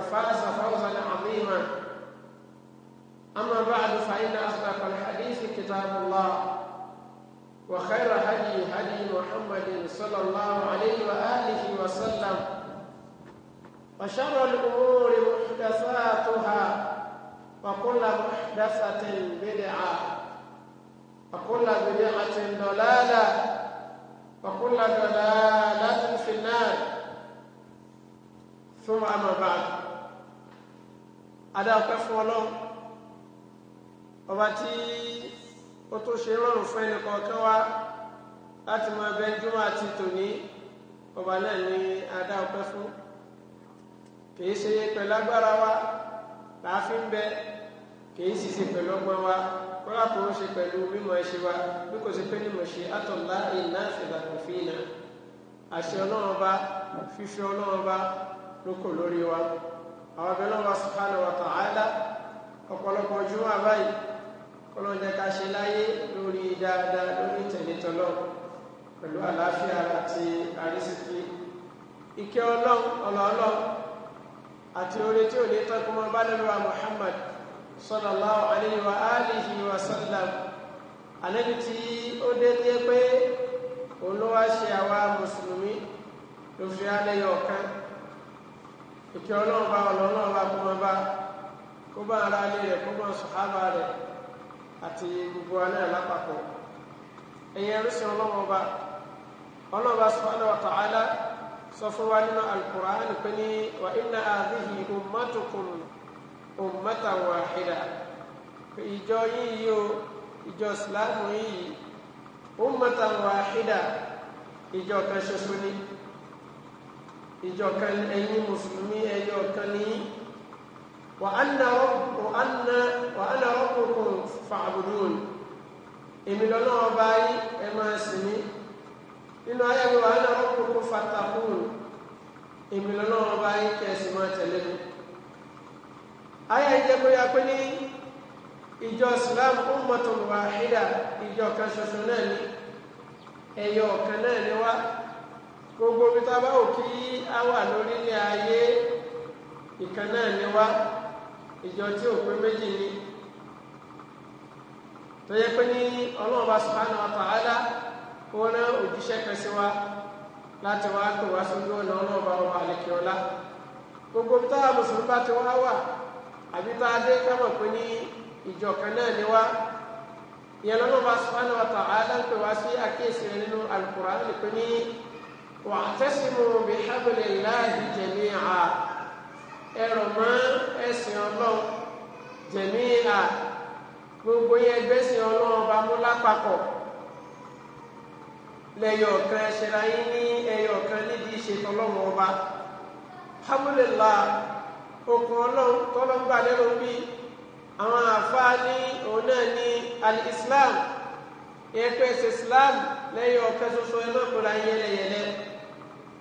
فاز فوزا عظيما أما بعد فإن أصدق الحديث كتاب الله وخير هدي هدي محمد صلى الله عليه وآله وسلم وشر الأمور محدثاتها وكل محدثة بدعة وكل بدعة ضلالة وكل ضلالة في النار ثم أما بعد adáwọ̀pẹ́ fún ọlọ́run ọba tí ó tó ṣe lọ́rùn fún ẹnìkọ̀ọ̀kan wá láti máa bẹ júmọ̀ àti tòní ọba náà ní adáwọ̀pẹ́ fún kìí ṣe pẹ̀lú agbára wa láàfin bẹ kìí sì ṣe pẹ̀lú ọgbọ́n wa kọ́lá kò ń ṣe pẹ̀lú mímọ̀ ẹ̀ ṣe wa bí kò ṣe pé mímọ̀ ṣe àtọ̀lá ìná ìdàgbò fi ìnà àṣẹ ọlọ́run ọba fífi ọlọ́run ọba lóko lórí wa àwọn abẹ́lẹ́ wọn subhanahu wa ta'ala ọ̀pọ̀lọpọ̀ ọjọ́ àbáyé kọlọ́jẹ́ ká ṣe láyé lórí dáadáa lórí tẹ̀lẹ́tọ́lọ́ pẹ̀lú àlàáfíà àti àrísìkí ìkẹ́ ọlọ́run ọlọ́ọ̀lọ́ àti orí tí ò ní tọ́kùnmọ́ bá lẹ́lúwa Muhammad sallallahu alayhi wa alihi wa sallam ànábi tí ó dé dé pé òun ló wá ṣe àwa mùsùlùmí ló fi alẹ́ yọ̀ òkè ọlọ́run bá ọlọ́run bá kó máa bá kó bá ara ilé rẹ̀ kó máa sọ̀hábà rẹ̀ àti gbogbo alẹ́ lápapọ̀ ẹ̀yìn ẹrúsìn ọlọ́run bá ọlọ́run bá subhanahu wa ta'ala sọ fún wa nínú alukur'an pé ní wa inna hadhihi ummatukum ummatan wahida ìjọ yìí yìí o ìjọ ìsìláàmù yìí ummatan wahida ìjọ kan ṣoṣo ni ìjọkan ẹ̀yin mùsùlùmí ẹyọ kan ní wà á nà rabbukum fa'budun èmi lọ́nà ọba yìí ẹ máa sìn mí nínú ayé mi wà á nà rabbukum fattaqun èmi lọ́nà ọba yìí kẹsì máa tẹ̀lé mi. ayé ìjẹ́ bóyá pé ní ìjọ islam ummatun wahida ìjọ kan ṣoṣo náà ni ẹyọ kan náà ni wá gbogbo bí tá a bá wò kí á wà lórílẹ̀ ayé ìkan náà ni wá ìjọ tí ò pé méjì ni tó yẹ pé ní ọlọ́run bá subhanahu wa ta'ala ó rán òjíṣẹ́ kan sí wa láti wá pè wá sójú ọ̀nà ọlọ́run bá wà lẹ́kẹ̀ ọlá gbogbo bí táwa mùsùlùmí bá ti wá wà àbí tá dé kámọ̀ pé ní ìjọ kan náà ni wá ìyẹn lọ́nà bá subhanahu wa ta'ala ń pè wá sí àkíyèsí rẹ nínú Al-Qur'an pé ní. واعتصموا بحبل الله جميعا ارما ẹ̀sìn Ọlọ́run جميعا gbogbo yẹn gbẹ́sìn Ọlọ́run ọba mú lápapọ̀ lẹ́yọ̀ kan ṣẹlá yín ní ẹyọ̀ kan níbi ìṣètò Ọlọ́run ọba hábùlélà okùn Ọlọ́run tọ́lọ́gbà lẹ́rọ bí àwọn àfáà ní òun náà ní alìsílámù ẹ̀pẹ́ ẹ̀sìn Islam lẹ́yọ̀ kan ṣoṣo ẹ̀ náà kò yẹlẹyẹlẹ.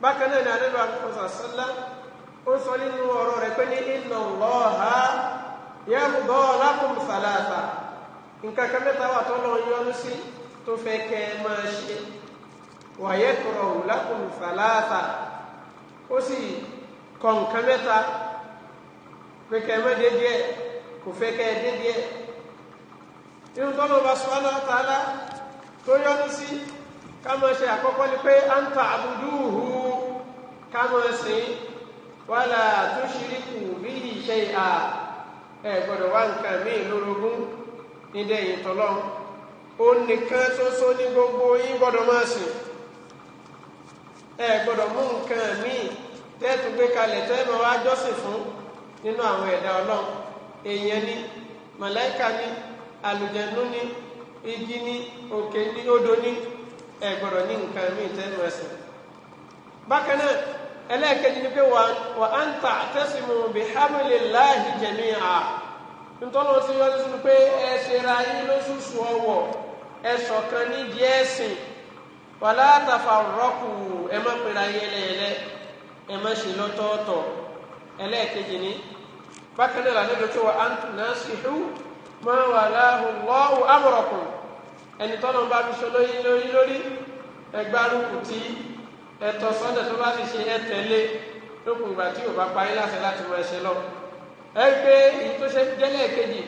bákan náà ni àdébà àkókò sọ́lá ó sọ nínú ọ̀rọ̀ rẹ̀ pé ní inna Allaha yarda lakum thalatha nǹkan kan mẹ́ta wà tọ́lọ́ yọnu sí tó fẹ́ kẹ́ ẹ máa ṣe wa yakrahu lakum thalatha ó sì nǹkan mẹ́ta pé kẹ́ ẹ má dé kò fẹ́ kẹ́ ẹ nínú bá kámọ́ sí wàlà tó bí iṣẹ́ ìhà ẹ gbọ́dọ̀ wá nǹkan míì lórogún nídẹ̀yìn tọ́lọ́run ó nìkan ṣoṣo ní gbogbo yín gbọ́dọ̀ máa ẹ mú nǹkan míì tẹ́ẹ̀tù gbé kalẹ̀ tẹ́ẹ̀ fún nínú àwọn ẹ̀dá ọlọ́run èèyàn ni ni àlùjẹ̀nú ni igi ni ni ni ẹ ní nǹkan ẹlẹ́ẹ̀kejì ni pé wà á ń ta àtẹ́sìmù bí hamililahi jẹ̀míà nítorí wọn ti yọ ọdún sínú pé ẹ ṣera yín lóṣooṣù ọwọ́ ẹ ṣọ̀kan ní díẹ̀ sìn wà látàfà rọ́kù ẹ má pera yẹlẹyẹlẹ ẹ má ṣe lọ́tọ̀ọ̀tọ̀ ẹlẹ́ẹ̀kejì ni bákan náà lànà ìdókè wà á ń tù náà sí hù mọ́ wà láhùn bá fi ṣe lórí ẹ̀tọ́ sọ́dẹ̀ tó bá ti ṣe ẹ tẹ̀lé lókun ìgbà tí ò bá parí láṣẹ láti wọ ẹsẹ̀ lọ ẹ gbé èyí tó ṣe jẹ́lẹ̀ kejì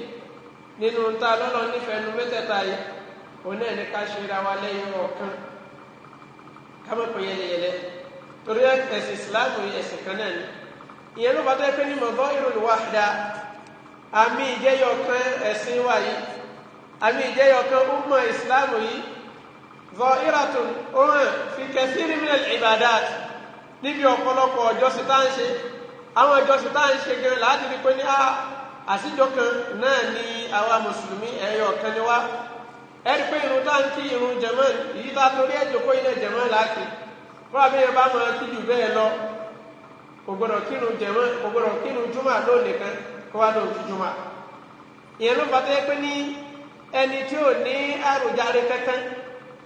nínú ta lọ́lọ́ nífẹ̀ẹ́ nu mẹ́tẹ̀ẹ̀ta yìí òun náà ní ká ṣe ra wa lẹ́yìn ọ̀kan ká yẹlẹyẹlẹ torí ẹ̀sìn ìsìláàmù ẹ̀sìn kan náà ni ìyẹn ló bá tẹ́ pé ní mọ̀gọ́ ìròyìn wàhádà àmì ìjẹyọ̀ kan ẹ̀sìn wa yìí àmì ìjẹyọ̀ ó mọ ìsìláàmù yìí zọ́ìràtún òhàn fi kẹsìrì mílẹ̀ ìbàdàt níbi ọ̀pọ̀lọpọ̀ ọjọ́sìn tá à ń ṣe àwọn ọjọ́sìn tá à ń a ah, àṣìjọ kan náà ni àwa mùsùlùmí kan ni wá ẹ rí pé irun tá à ń kí irun jẹ̀mọ́n èyí tá a torí ẹ̀ jòkó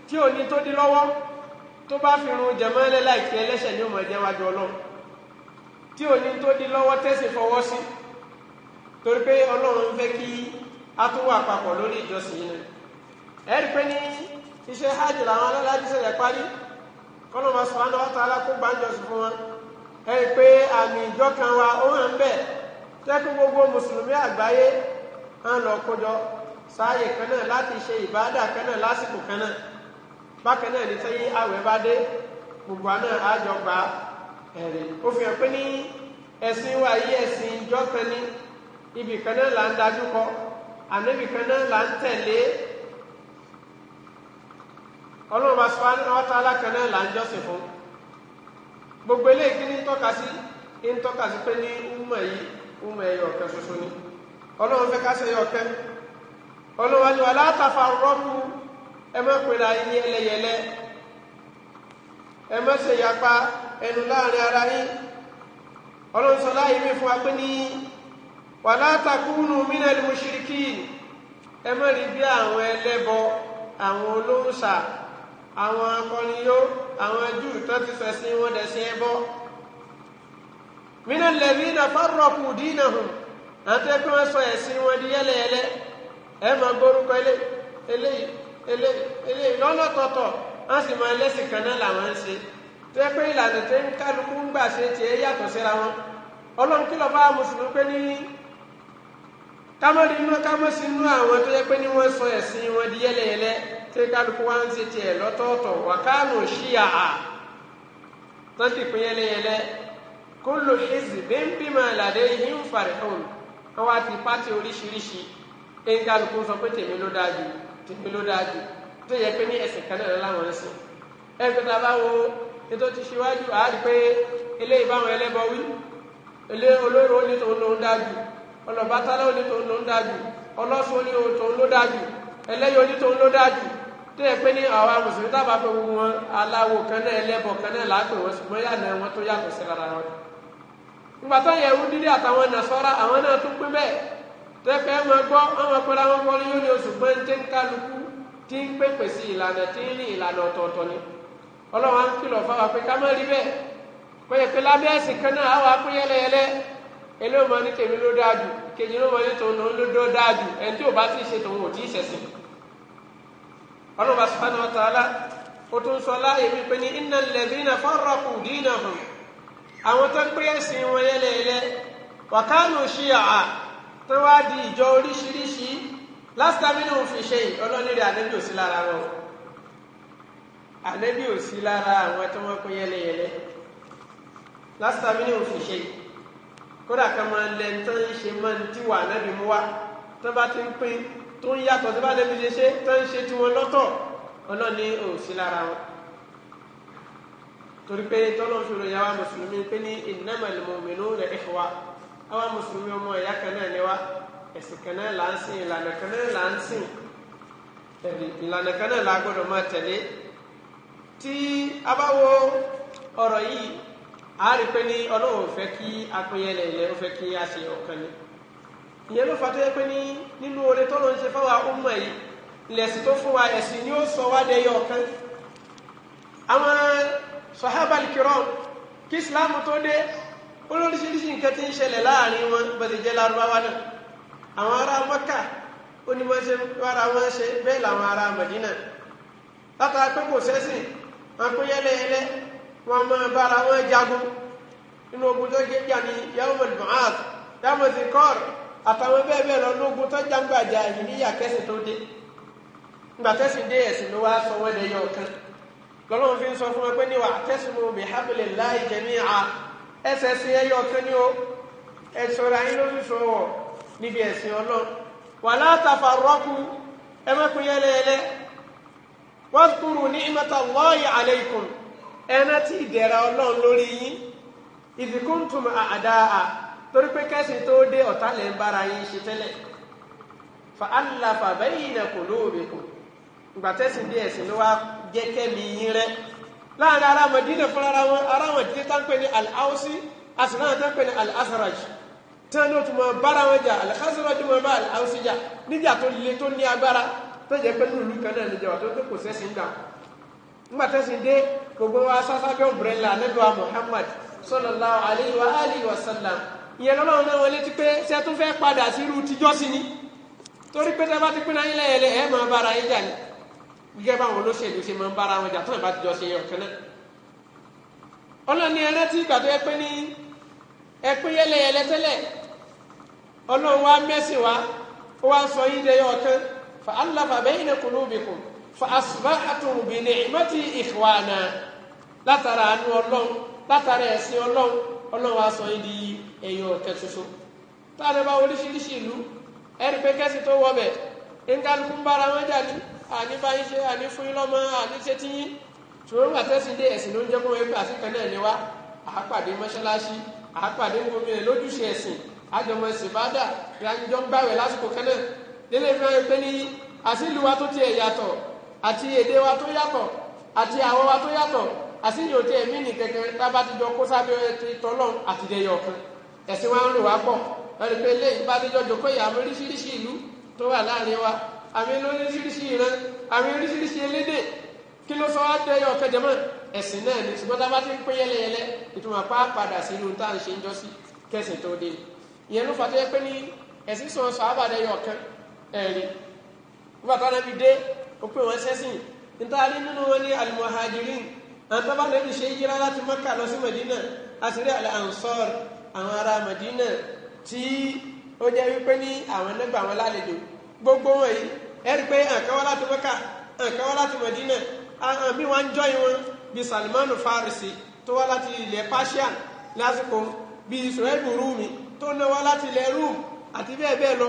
tí ò ní tó di lọ́wọ́ tó bá fi run jẹ̀mọ́lẹ́ láìpẹ́ ẹlẹ́ṣẹ̀ ní ọmọ ẹ̀jẹ̀ wájú ọlọ́run tí ò ní tó di lọ́wọ́ tẹ̀sí fọwọ́ sí torí pé ọlọ́run fẹ́ kí a tún wà papọ̀ lórí ìjọsìn yìí náà ẹ̀rí pé ní iṣẹ́ hajj làwọn alálàájú ṣẹlẹ̀ parí kọ́lọ́mọ sọ̀rọ̀ àwọn tààlà kó gbàǹjọ́sìn fún wọn ẹ̀rí pé àmì ìjọ kan wa ó hàn bẹ́ẹ̀ tẹ́kù gbogbo mùsùlùmí àgbáyé hàn lọ sáàyè kan náà láti ṣe ìbáàdà kan náà lásìkò kan náà bákan náà ní sẹ́yìn àwẹ̀ bá dé gbogbo àná àjọgbà ẹ̀rìn ó fi hàn pé ní ẹ̀sìn wa yí ẹ̀sìn ni ibì kan náà là ń dájú kọ la kan náà là ń tẹ̀lé ọlọ́run bá sọ ọ́tá alákan náà là ń jọ́sìn fún gbogbo eléyìí ní tọ́ka sí tọ́ka sí pé ní yìí ni ọlọ́run fẹ́ ká ṣe ẹ̀yọ̀ ọ̀kẹ́ ọlọ́run wá ní ẹ má pera yín ní ẹlẹ́yẹlẹ́ ẹ ẹnu láàrin ara yín ọlọ́run sọ mi fún wa ní wàlá takunu minal mushrikin ẹ má rí àwọn ẹlẹ́bọ àwọn olóńsà àwọn àwọn júù tó ti ẹbọ minal ladhina farraqu dinahum àti wọn di ele lọ́nà tọ̀tọ̀ wọ́n sì máa lẹ́sìn kan náà làwọn ń ṣe tó yẹ pé ìlànà tó ń kálukú ń gbà ṣe tiẹ̀ yàtọ̀ síra wọn ọlọ́run kìlọ̀ bá mùsùlùmí pé ní kámọ́rin inú kámọ́sí inú àwọn tó yẹ pé ní wọ́n sọ ẹ̀sìn wọn di yẹ́lẹ́yẹ́lẹ́ tó yẹ kálukú wá ń ṣe tiẹ̀ lọ́tọ̀ọ̀tọ̀ wàkánù ṣíyà á tó ti pín yẹ́lẹ́yẹ́lẹ́ kullu hizbin bima ladayhim farihun wọn wá ti pátì oríṣiríṣi ẹ̀ńkálukú sọ pé tèmi ló dáa jù tó pé ló dáa jù tó yẹ pé ní ẹsìn kan náà láwọn ẹsìn ẹgbẹ́ tá a bá wo ètò ti ṣíwájú àá rí pé eléyìí báwọn ẹlẹ́bọ wí ilé olóró ní tòun ló ń dáa jù ọlọ́bátálá ní tòun ló ń dáa jù ọlọ́sùn ní tòun ló dáa jù ẹlẹ́yìí ní tòun ló dáa jù tó yẹ pé ní àwa mùsùlùmí tábà pé gbogbo wọn aláwo kan náà ẹlẹ́bọ kan náà láàpẹ̀ wọn ṣùgbọ́n yànnà wọn tó yàtọ̀ sí rárá wọn. ìgbà tó yẹ tẹ́fẹ́ ẹ máa gbọ́ ọmọ pẹ́lú àwọn ọmọ yóò ní oṣù pé ń tẹ́ ń kálukú tí ń pèpè sí ìlànà tí ń rí ìlànà ọ̀tọ̀ọ̀tọ̀ ni ọlọ́run á ń kìlọ̀ fáwọn pé ká má rí bẹ́ẹ̀ pé èpè lábẹ́ ẹ̀sìn kan náà àwọn apé yẹlẹyẹlẹ eléyìí máa ní tèmi ló dáa jù kejì ló máa ní tòun ló ló dáa jù ẹni tí ò bá ti ṣe tòun ò tí ì ṣẹ̀sìn ọlọ́run bá sọ́kànnà wa ta'ala tún sọ láàyè mi pé ní innal ladhina farraqu dinahum àwọn tó ń pé ẹ̀sìn wọn yẹlẹyẹlẹ wa kanu shiya'a tó wá di ìjọ oríṣiríṣi lásìtàmínú fi ṣe ọlọ́nìrè ànẹ́bí òsí lára wọn ànẹ́bí òsí lára àwọn tó wọ́n pín yẹlẹyẹlẹ lásìtàmínú fi ṣe kódà kan máa lẹ tó ń ṣe máa ń tiwà ànẹ́bí mú wa tó bá ti ń pín tó ń yàtọ̀ tó bá lẹ́bi ṣe ṣe tó ń ṣe tiwọn lọ́tọ̀ ọlọ́ni òsí lára wọn torí pé tọ́lọ́ fi ròyìn àwa mùsùlùmí pé ní innamal mu'minuna ikhwa àwa mùsùlùmí ọmọ ẹ̀yà kan náà ni wá ẹ̀sìn kan náà là ń sìn ìlànà kan náà là ń sìn ẹ̀rí ìlànà kan náà la gbọ́dọ̀ máa tẹ̀lé tí a bá wo ọ̀rọ̀ yìí a rí pé ní ọlọ́run fẹ́ kí a pín yẹn lẹ̀lẹ́ ó fẹ́ kí a ṣe ọ̀kan ni ìyẹn ló fà tó yẹ pé ní nínú oore tó ló ń ṣe fáwọn ọmọ fún wa ẹ̀sìn ni ó sọ wá dẹyọ ọ̀kan àwọn sọ̀hábàlì kìrọ̀ kí islam tó dé olóríṣiríṣi nǹkan tí ń ṣẹlẹ̀ láàrin wọn bọ́sẹ̀ jẹ́ lárúbáwá náà àwọn ará mọ́kà ó ní wọ́n ṣe ara wọn ṣe bẹ́ẹ̀ làwọn ará mẹ̀dínà látara pé kò sẹ́sìn wọn pín yẹ́lẹ́yẹ́lẹ́ wọn mọ bára wọn jagun nínú ogun tó gé jà ní yahumul mahad yahumul kọ́r àtàwọn bẹ́ẹ̀ bẹ́ẹ̀ lọ ní ogun tó jàǹgbàjà yìí níyà kẹ́sìn tó dé ńgbà tẹ́sìn dé ẹ̀sìn ló wá sọ wọ́n lẹ́yọ̀ lọ́lọ́run fi ń sọ fún wọn pé níwà tẹ́sìn mu bihablillahi jami'a ẹsẹ̀ ẹ̀sìn ẹyọ ọ̀kan ni o ẹ̀ṣọ́ra yín lóṣùṣọ́ wọ̀ níbi ẹ̀sìn ọlọ́run wà látàfà rọ́kù ẹmẹ́kùn yẹlẹyẹlẹ wọ́n kúrò ní ìmọ̀ta lọ́ọ̀yì àlẹ́kùn ẹ̀ná tí ìdẹ̀ra ọlọ́run lórí yín ìdìkúntùm àdáa torí pé kẹ́sìn tó dé ọ̀tá ń bára yín ṣe tẹ́lẹ̀ fa aláfa bẹ́yìn ẹ̀kọ́ lóòbẹ̀kùn ìgbà bí ẹ̀sìn ló wá jẹ́ kẹ́mi yín rẹ́ láàrin ará Madina fún ara wọn ará Madina tá ń pè ní al-Awsi asináà tá ń pè ní al-Khazraj tí wọn náà tún máa bára wọn jà al-Khazraj máa bá al-Awsi jà níjà tó le tó ní agbára tó jẹ pé nílùú kan náà níjà wà tó tó kò sẹ́sìn gbà ńgbà tẹ́sìn dé gbogbo wa sásábẹ́ òbúrẹ́là nígbà Muhammad sallallahu alayhi wa alihi wa sallam ìyẹn lọ́lọ́run náà wọlé ti pé ṣé tún fẹ́ padà sí irú tíjọ́sí ni torí pé tẹ́ bá ti pín náà yín lẹ́yẹlẹ ẹ̀ máa bára yín jà ni. gẹ́gẹ́ báwọn olóṣèlú ṣe máa ń bára wọn jà tó ìbá ti jọ ṣe náà ọlọ́ni ẹlẹ́tí ìgbà tó yẹ pé ní ẹpín yẹlẹyẹlẹ tẹ́lẹ̀ ọlọ́run wa mẹ́sìn wa ó wá sọ yín ọ̀kan fa allafa bayna qulubikum fa bi látara àánú ọlọ́run látara ẹ̀sìn ọlọ́run ọlọ́run wa sọ yín di ẹ̀yọ táwọn bá oríṣiríṣi ìlú ẹ̀rí pé kẹ́sì tó wọ bẹ̀ bára wọn àní báyìí ṣe àní fún yín lọ́mọ àní ṣe tí yín ṣòro wà tẹ́sìn dé ẹ̀sìn ló ń jẹ́ fún ẹgbẹ́ àsìkò náà lé wa àápàdé mọ́ṣáláṣí àápàdé gbòmí ẹ̀ lójúṣe ẹ̀sìn àjọmọ̀ ẹ̀sìn bá dà ìyànjọ́ ń gbàwẹ̀ lásìkò kan náà nílé ìfẹ́ pé ní àsìlù wa tó tiẹ̀ yàtọ̀ àti èdè wa tó yàtọ̀ àti àwọ̀ wa tó yàtọ̀ àsìlù òtí ẹ̀mí nì kẹ̀kẹ́ tábà ti jọ kó sábẹ́ ti tó àmì lóríṣiríṣi ìran àmì oríṣiríṣi elédè kí ló sọ wá tẹ ẹyọ kẹjẹ mọ ẹsìn náà ni ṣùgbọ́n tá a bá ti ń pín yẹlẹyẹlẹ ìtumọ̀ pa padà sí irun tá à ń ṣe ń jọ sí kẹsìn tó dé ìyẹn ló fà tó yẹ pé ní ẹsìn sọ sọ àbàdẹ ẹyọ kan ẹ̀rí nígbà tó anábì dé ó pè wọ́n sẹ́sìn nítorí nínú wọn ní alimuhajirin àwọn tó ṣe yíra láti Mẹ́kà lọ sí Mẹ́dínà àti rí àlẹ́ ansọ́r àwọn ará Mẹ́dínà tí ó jẹ́ wípé ní àwọn nígbà lálejò gbogbo wọn yìí ẹ̀rí pé àǹkan wá láti Mẹ́kà àǹkan wá láti Mẹdínà àwọn míì wá ń jọyìn wọn bíi Salmanu Farisi tó wá láti ilẹ̀ Persia lásìkò bíi Israẹli Rúmi tó ná wá láti ilẹ̀ Rúm àti bẹ́ẹ̀ bẹ́ẹ̀ lọ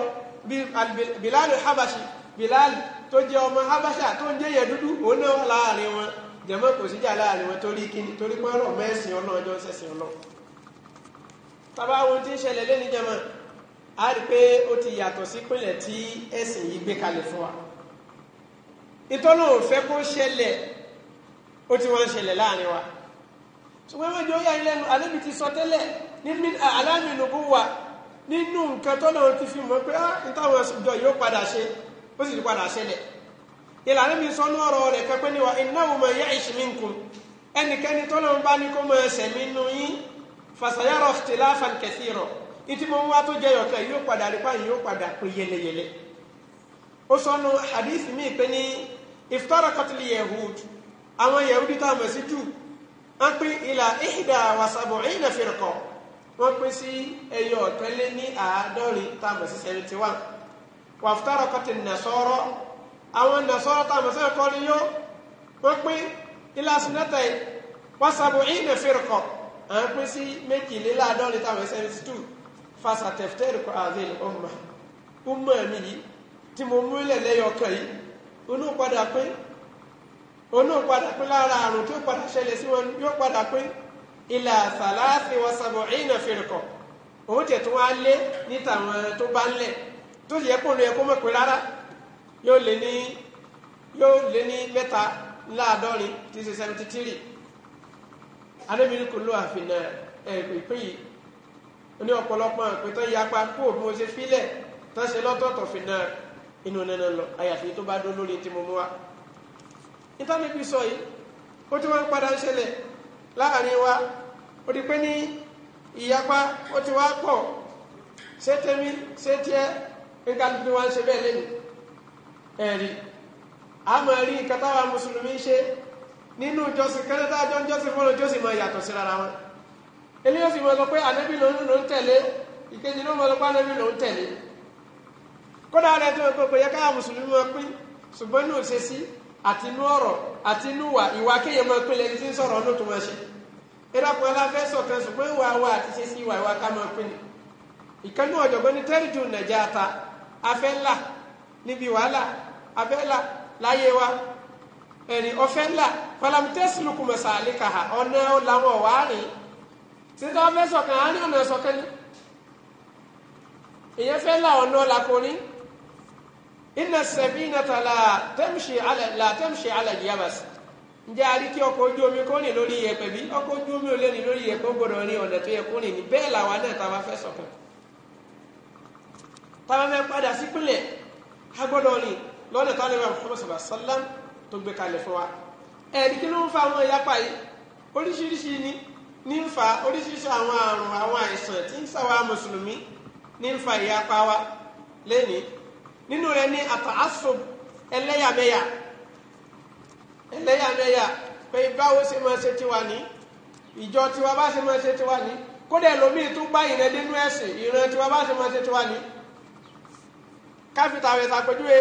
bíi Bilalu Habashi Bilal tó jẹ́ ọmọ Habasha tó ń jẹ́yẹ dúdú òun náà wà láàrin wọn jẹ̀mọ́ kò síjà láàrin wọn torí kíni torí pé mẹ́sìn ọlọ́ọ̀jọ́ sẹ̀sìn ọlọ́ọ̀ a rí pé ó ti yàtọ̀ sí pínlẹ̀ tí ẹ̀sìn yìí gbé kalẹ̀ fún wa ìtọ́nà òfẹ́ kó ṣẹlẹ̀ ó ti wọ́n ṣẹlẹ̀ láàrin wa ṣùgbọ́n ẹgbẹ́ ìjọ yà ilẹ̀ alẹ́bi ti sọ tẹ́lẹ̀ ní wa nínú nǹkan tọ́nà ti fi mọ̀ pé ah nítawọn ìjọ yóò padà ṣe ó sì ti padà ṣẹlẹ̀ ìlànà mi sọ ní ọ̀rọ̀ rẹ̀ kẹ́pẹ́ ní wa innahu man ya'ish minkum ẹnikẹ́ni tọ́nà bá ní kó mọ ẹsẹ̀ mi nù yín fasayara ikhtilafan kathira ìtí mo ń wá tó jẹyọ kan yóò padà rí páyìn yóò padà pín yẹlẹyẹlẹ ó sọnù hadith mi pé ní iftarakatil yehud àwọn yehudi tá a mọ̀ sí jù wọ́n pín ilà ihda wa sab'ina firqa wọ́n pín sí ẹyọ ọ̀kẹ́lé ní àádọ́rin tá a mọ̀ sí seventy one wa iftarakatil nasara àwọn nasara tá a mọ̀ sí ẹ̀kọ́ ni yó wọ́n pín ilà sinata wa sab'ina firqa àwọn pín sí méjìléláàádọ́rin tá a mọ̀ sí seventy two. Fasa kọ́ kwa ọmọ umma umma yìí tí mo mú ilẹ̀ lẹ́yọ ọkàn yìí onú padà pé onú padà pé lára àrùn tó padà ṣẹlẹ̀ sí wọn yóò padà pé ilà sàlásì wọn sàbọ̀ ìnà fèrèkọ̀ òun tẹ̀ tó wá lé ní tàwọn tó bá ń lẹ̀ tó yẹ kó lè kó mọ̀ pé rárá yóò lé ní yóò lé ní mẹ́ta láàdọ́rin tí ṣe seventy three adébínú kò ló àfihàn ẹ̀ ó ní ọ̀pọ̀lọpọ̀ àpè tán yapa kó bí mo ṣe fílẹ̀ tán ṣe lọ́tọ̀ọ̀tọ̀ fi náà inú nínú lọ àyàfi tó bá dó lórí tí mo mú wa ìtànìbí sọ yìí ó ti wọ́n padà ń ṣẹlẹ̀ láàrin wa ó di pé ní ìyapa ó ti wá pọ̀ ṣé tẹ́mi ṣé tiẹ́ nǹkan tí wọ́n ń ṣe bẹ́ẹ̀ lẹ́nu ẹ̀rí àmọ́ rí nǹkan táwa mùsùlùmí ṣe nínú ìjọsìn kẹ́lẹ́tà àjọ ìjọsìn fọ́nà ìjọsìn mọ́ ìyàtọ̀ sí rárá wọn eléyìí sì máa sọ pé ànábì ló ń tẹ̀lé ìkejì ló máa sọ pé ànábì ló ń tẹ̀lé kódà rẹ tó ń pè yẹ káyà mùsùlùmí máa pín ṣùgbọ́n inú ṣe sí àti inú ọ̀rọ̀ àti inú wà ìwà kéèyàn máa pín lẹni tí ń sọ̀rọ̀ ọdún tó máa ṣe ìrọ̀pọ̀ aláfẹ́ sọ̀kan ṣùgbọ́n ìwà wa àti ṣe sí ìwà ìwà ká máa pín ni ìkànnì ọ̀jọ̀gbọ́n ní tẹ́rìjù Nàjàtà afẹ́ ńlá níbi wàhálà afẹ́ ńlá láyé wa ẹ̀rìn ọ̀fẹ́ ńlá falamtẹ́sìlùkùmọ̀sálíkà ọ̀nà ọ̀làwọ̀ wàárín títí wọn fẹ́ sọ̀kan á ní ọ̀nà sọ̀kan ni ìyẹn fẹ́ là ọ̀nà ọ̀la kò ní iná sẹ̀bí iná ta la tẹ́mṣe alẹ̀ la tẹ́mṣe alẹ̀ yabas njẹ́ a rí kí ọkọ̀ ojú omi kó ní lórí iyẹ̀pẹ̀ bí ọkọ̀ ojú omi ò lé ní lórí iyẹ̀pẹ̀ ó gbọdọ̀ ní ọ̀nà tó yẹ kó ní ní bẹ́ẹ̀ làwa náà ta ma fẹ́ sọ̀kan ta ma fẹ́ padà sípìlẹ̀ a gbọdọ̀ ní lọ́nà tó alẹ́ bá fọwọ́ sálám tó gbé kalẹ̀ fún wa ẹ̀ẹ́dì kí ló ń fa àwọn ìyapa yìí oríṣiríṣi ni ní ń fa oríṣiríṣi àwọn àrùn àwọn àìsàn tí ń sàwa mùsùlùmí ní ń fa ìyapa wa lẹ́ni nínú rẹ̀ ní àtàásùb ẹlẹ́yàmẹ̀yà ẹlẹ́yàmẹ̀yà pé báwo ṣe máa ṣe tiwa ní ìjọ tiwa bá ṣe máa ṣe tiwa ní kódà ẹlòmíì tún bá ìrẹ́ nínú ẹ̀sìn ìran tiwa bá ṣe máa ṣe tiwa ní káfíńtà rẹ̀ ṣàpèjúwe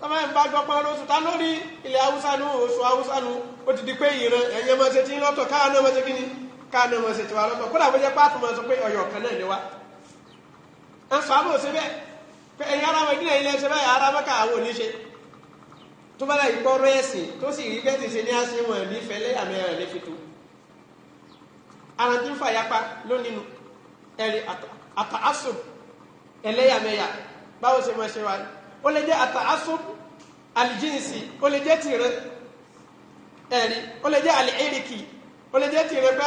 tọ́mọ̀ ń bá gbọ́pọ̀ lóṣù ta lórí ilẹ̀ haúsá nu oṣù haúsá nu ó ti di pé ìran ẹ̀yẹ́ máa ṣe ti ń lọ́tọ̀ káà náà máa ṣe kí ni káàní wọn ṣe tiwa lọ́tọ̀ kódà wọ́n jẹ́ pé àtúmọ̀ sọ pé ọ̀yọ̀ kan náà ni wa ń sọ àbò ṣe bẹ́ẹ̀ pé ẹ̀yin ará Mẹ́dínà ilé ṣe bẹ́ẹ̀ ará Mẹ́kà àwọn òní ṣe tó bá láyìí gbọ́ ọ̀rọ̀ ẹ̀sìn tó sì rí bẹ́ẹ̀ ti ṣe ní àṣẹ wọn ní fẹ́lẹ́ àmì ẹ̀rọ ní fi tu arantin fàyàpá lónìí nu ẹ̀rí àtàásùn ẹlẹ́yàmẹ̀yà báwo ṣe máa ṣe wa ó lè jẹ́ àtàásùn àlìjínsì ó lè jẹ́ tìrẹ ẹ̀rí ó lè jẹ́ àlìẹ́rìkì ó lè jẹ́ tìrẹ pé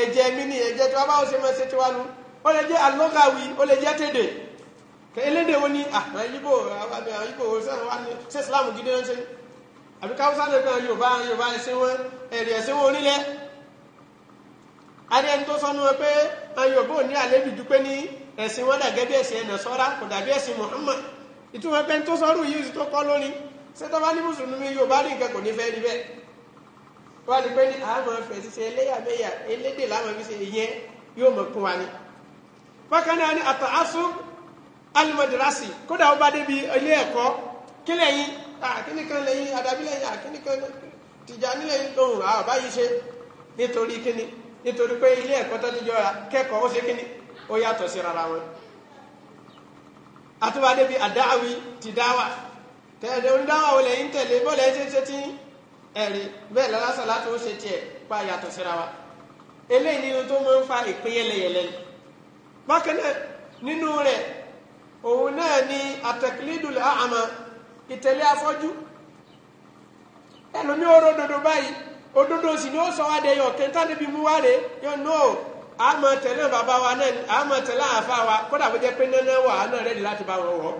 ẹ̀jẹ̀ mi ni ẹ̀jẹ̀ tiwa báwo ṣe máa ṣe tiwa nu ó lè jẹ́ alọ́gàwí ó lè jẹ́ tèdè elédè wo ni àwọn yíbò àwọn yíbò sẹ́wọ̀n wá ní ṣé Islam gidi ló ń ṣe àbí káwọ́sá lè gbọ́n Yorùbá Yorùbá ẹ̀sìn wọn ẹ̀rì ẹ̀sìn wọn onílẹ̀ adé ẹni tó sọnù wọn pé Yorùbá ò ní àlébì dúpẹ́ ní ẹ̀sìn wọn dàgẹ́ bí ẹ̀sìn ẹ̀nà sọ́ra kò dàbí ẹ̀sìn Muhammad ìtumọ̀ pé ń tó sọ́rù yìí tó kọ́ lónìí ṣé tó bá ní mùsùlùmí Yorùbá rí nǹkan kò ní fẹ́ rí bẹ́ẹ̀ wọ́n ti pẹ́ ní àmọ́ fẹ̀ ṣiṣe ẹlẹ́yàmẹ̀yà elédè láwọn fi ṣe ìyẹn yóò mọ̀ kún wa ni. bákan náà ni àtọ̀ asú alimadrasi kódà ó bá débi ilé ẹ̀kọ́ kílẹ̀ yín àkíníkan lẹ́yìn adábílẹ̀ yín àkíníkan tìjà nílẹ̀ yín lòun àbá yìí ṣe nítorí kíni nítorí pé ilé ẹ̀kọ́ tó ti jọ kẹ́kọ̀ọ́ ó ṣe kíni ó yàtọ̀ sí rárá wọn. àtúbà débi àdáwì ti dáwà tẹ̀lé onídáwà olè yín tẹ̀lé bọ́ọ̀lù ẹ̀ ẹ̀rí bẹ́ẹ̀ lálásà láti ó ṣe tiẹ̀ pa yàtọ̀ síra wa eléyìí nínú tó máa ń fa ìpín yẹlẹyẹlẹ ni bákan náà nínú rẹ̀ òun náà ni àtẹ̀kìlídùlẹ̀ àmà ìtẹ̀lé afọ́jú ẹlòmí oró dodo báyìí òdodo sì ni ó sọ wá de yọ kẹta níbi mú wá yọ nọ bàbá wa náà àfa wa kódà bó pé nánà wà á náà láti bá wọn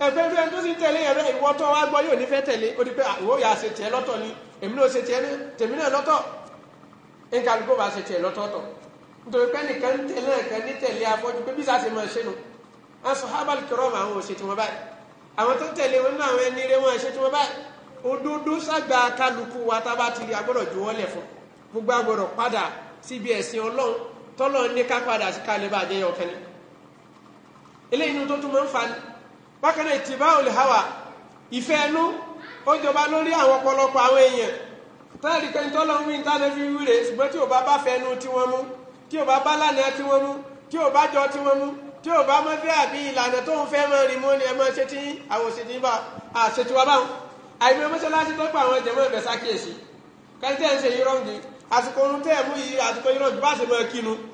ẹ̀fẹ́ ló ẹni tó sì ń tẹ̀lé ẹ̀rẹ́ ìwọ tó wá gbọ́ yóò nífẹ̀ẹ́ tẹ̀lé ó di pé ìwọ yà á ṣe tiẹ̀ lọ́tọ̀ ni èmi náà ṣe tiẹ̀ ní tèmi náà lọ́tọ̀ nkàlùkò bá ṣe tiẹ̀ lọ́tọ̀ọ̀tọ̀ nítorí pé nìkan ń tẹ̀lé nìkan ní tẹ̀lé afọ́jú pé bí sáà ṣe máa ṣe nu wọn sọ habal kìrọ́ọ̀mù àwọn òṣè tí wọn báyìí àwọn tó tẹ̀lé wọn náà àwọn ẹni rẹ wọn ṣe tí wọn báyìí òdodo sàgbà kálukú wa tá a bá ti rí agbọ́dọ̀ ju wọlé fún gbogbo agbọ́dọ̀ padà síbi ẹ̀sìn ọlọ́run tọ́lọ́ ní ká padà sí kálẹ̀ bàjẹ́ yọkẹ́ni eléyìí tó tún máa ń fa ni bákan náà ìtìbá olùhàwà ìfẹ́ ẹnu ó jọba lórí àwọn ọ̀pọ̀lọpọ̀ àwọn èèyàn táwọn rí pẹ́ńtọ́ lọ́wọ́ wí níta lẹ́fi wíre ṣùgbọ́n tí ò bá bá fẹ́nu tí wọ́n mú tí ò bá bá lánàá tí wọ́n mú tí ò bá jọ tí wọ́n mú tí ò bá mọ́ àbí ìlànà tó ń fẹ́ mọ́ rí mọ́ ni ẹ mọ́ ṣe tí àwọn òṣèjì bá àṣetì wa báwọn àìmọ̀ mọ́ṣáláṣí tó pa àwọn jẹ̀mọ́ ìbẹ̀sà kíyèsí kẹ́ńtẹ́ ń ṣe yìí rọ́ǹgì àsìkò orun tẹ́ ẹ̀ mú yìí àsìkò yìí mọ́ ẹ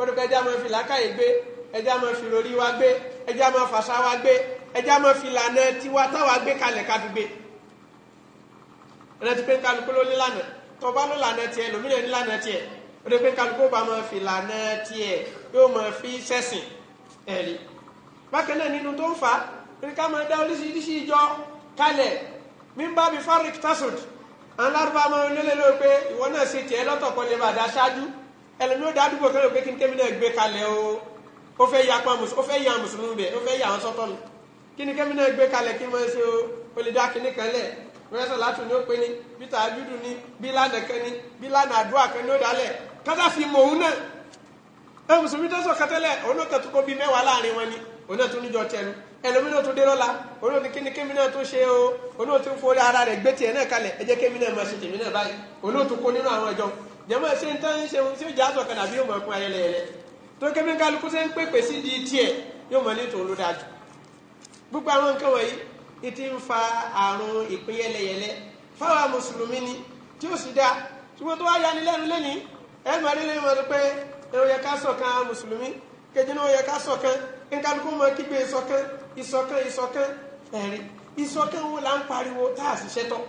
kódò pé ẹjẹ́ àmọ́ fi làákàyè gbé ẹjẹ́ àmọ́ fi lórí wa gbé ẹjẹ́ àmọ́ fàṣà wa gbé ẹjẹ́ àmọ́ fi lànà tiwa táwa gbé kalẹ̀ ká fi gbé ẹnà tí pé kálukú ló ní lànà tó bá ló lànà tiẹ̀ lòmìnira ní lànà tiẹ̀ kódò pé kálukú bá máa fi lànà tiẹ̀ yóò máa fi sẹ́sìn ẹ̀rí bákan náà nínú tó ń fa pé máa dá oríṣiríṣi ìjọ kalẹ̀ mímbà bíi farik tasud àwọn lárúbáwọn onílé ló pé ìwọ náà ṣe tiẹ̀ lọ́tọ̀ kọ́ lè bàdá ṣáájú ẹlẹ́mi ó dádúgbò kan lè pé ni kémi náà gbé kalẹ̀ o ó fẹ́ ya pa mùsùlùmí ó fẹ́ ya mùsùlùmí bẹ̀ ó fẹ́ ya àwọn sọ́tọ̀ mi kí ni kémi náà gbé kalẹ̀ kí n máa ṣe o ó lè dá kinní kan lẹ̀ rẹ́sọ̀ látún ní ó pe ni bíta ajudu ni bílànà kan ni bílànà àdúrà kan ni ó dálẹ̀ kátà fi mọ̀ òun náà ẹ mùsùlùmí tó sọ kátẹ́lẹ̀ òun náà kẹ́tù kó bíi mẹ́wàá láàrin wọn ni òun náà tún níjọ tẹnu ẹlòmínú tó dé lọ́la náà tó ṣe o òun náà tún forí náà kalẹ̀ jẹ́mọ́ ṣe ń tán ṣe ohun tí ó jà sọ̀kan àbí yóò mọ̀ ẹkún ayẹlẹ rẹ tó kẹ́mi kálukú ṣe ń pèpè sí di tiẹ̀ yóò mọ̀ nítorí ló dájú gbogbo àwọn nǹkan wọ̀nyí ní ti ń fa àrùn ìpín yẹlẹyẹlẹ fáwọn mùsùlùmí ni tí ó sì dá ṣùgbọ́n tó wá yani lẹ́nu lẹ́ni ẹ máa rí lẹ́nu mọ́tò pé ó yẹ ká ṣọ̀kan mùsùlùmí kejì náà ó yẹ ká ṣọ̀kan kálukú mọ kígbe ìṣọ̀kan ìṣọ̀kan ìṣọ̀kan ẹ̀rí ìṣọ̀kan wo là ń pariwo tá a ṣiṣẹ́ tán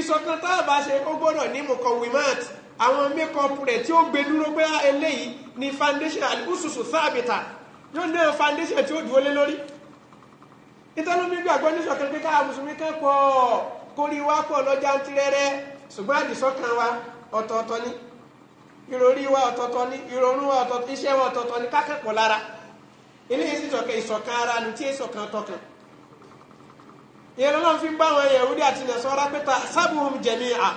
ìṣọ̀kan tá a bá ṣe ó gbọ́dọ̀ ní mukawimat àwọn mékọ́pù rẹ̀ tí ó gbé dúró pé ah, eléyìí ni foundation alikususu sáàbìtà yóò ní foundation tí ó dúró lé lórí ìtọ́lómi gbàgbọ́ ní ìṣọ̀kan pé káà mùsùlùmí kan pọ̀ kórí wa pọ̀ lọ́jà ń tirẹ́rẹ́ ṣùgbọ́n àdìsọ́kan wa ọ̀tọ̀ọ̀tọ̀ ni ìròrí wa ọ̀tọ̀ọ̀tọ̀ ni ìrònú wa ọ̀tọ̀ọ̀tọ̀ iṣẹ́ wa ọ̀tọ̀ọ̀tọ̀ ni kákẹ́kọ̀ọ́ lára eléyìí sì ìṣọ̀kan ara ni tí ìṣọ̀kan tọkàn ìyẹn lọ́nà fi ń bá àwọn Yahudi àti Nasara pé ta sábùhùn jẹ̀míà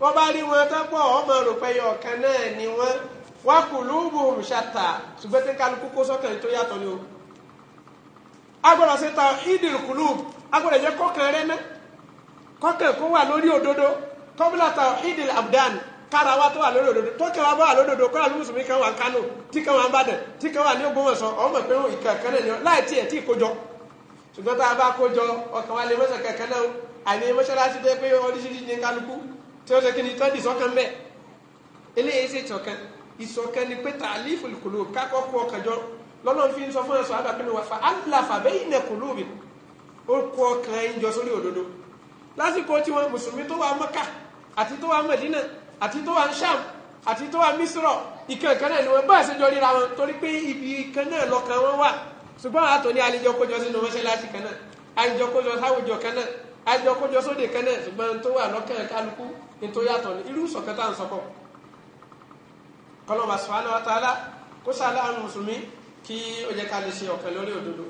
wọ́n bá rí wọn tó pọ̀ ọmọ rò pé ọ̀kan náà ni wọ́n wá kulubuhum shatta ṣùgbọ́n tí kálukú kó sọ́kàn tó yàtọ̀ ni o. agbọ́dọ̀ ṣe tawhidul qulub agbọ́dọ̀ jẹ́ kọ́kàn rẹ mẹ́ kọ́kàn kó wà lórí òdodo qabla tawhidul abdan kára wa tó wà lórí òdodo tó kẹwàá bá wà lórí òdodo kọ́ra lùmùsùlùmí kan wà Kánò tí kan wà ń Bàdàn tí kan wà ní Ògbómọ̀ṣọ́ ṣùgbọ́n tá a bá kójọ ọkàn wa lè mọ́sọ̀ kankan náà àní mọ́ṣáláṣí tó yẹ pé oríṣiríṣi ní kálukú tí ó ṣe kí ni tó di sọ́kàn bẹ́ẹ̀ eléyìí ṣe ìṣọ̀kan ìṣọ̀kan ni pé tàlífù kùlù kákọ́ kú ọkàn jọ lọ́lọ́run fi ń sọ fún ẹ̀sọ́ àbàpínú wa fa aláfà bẹ́yìn nẹ kùlù mi ó kú ọkàn yín jọ sórí òdodo lásìkò tí wọn mùsùlùmí tó wà Mẹ́kà ibi kan náà ṣùgbọ́n àtò ní alẹ́jọ́ kójọ sínú mọ́ṣáláṣí kan náà alẹ́jọ́ kójọ sáwùjọ kan náà alẹ́jọ́ kójọ sóde kan náà ṣùgbọ́n tó wà lọ́kàn kálukú ètò yàtọ̀ ní irú sọ̀kan tá à ń sọ̀kọ̀ kọlọ́mà subhanahu wa ta'ala kó sàlẹ̀ àwọn mùsùlùmí kí ó jẹ́ ká lè ṣe ọ̀kan lórí òdodo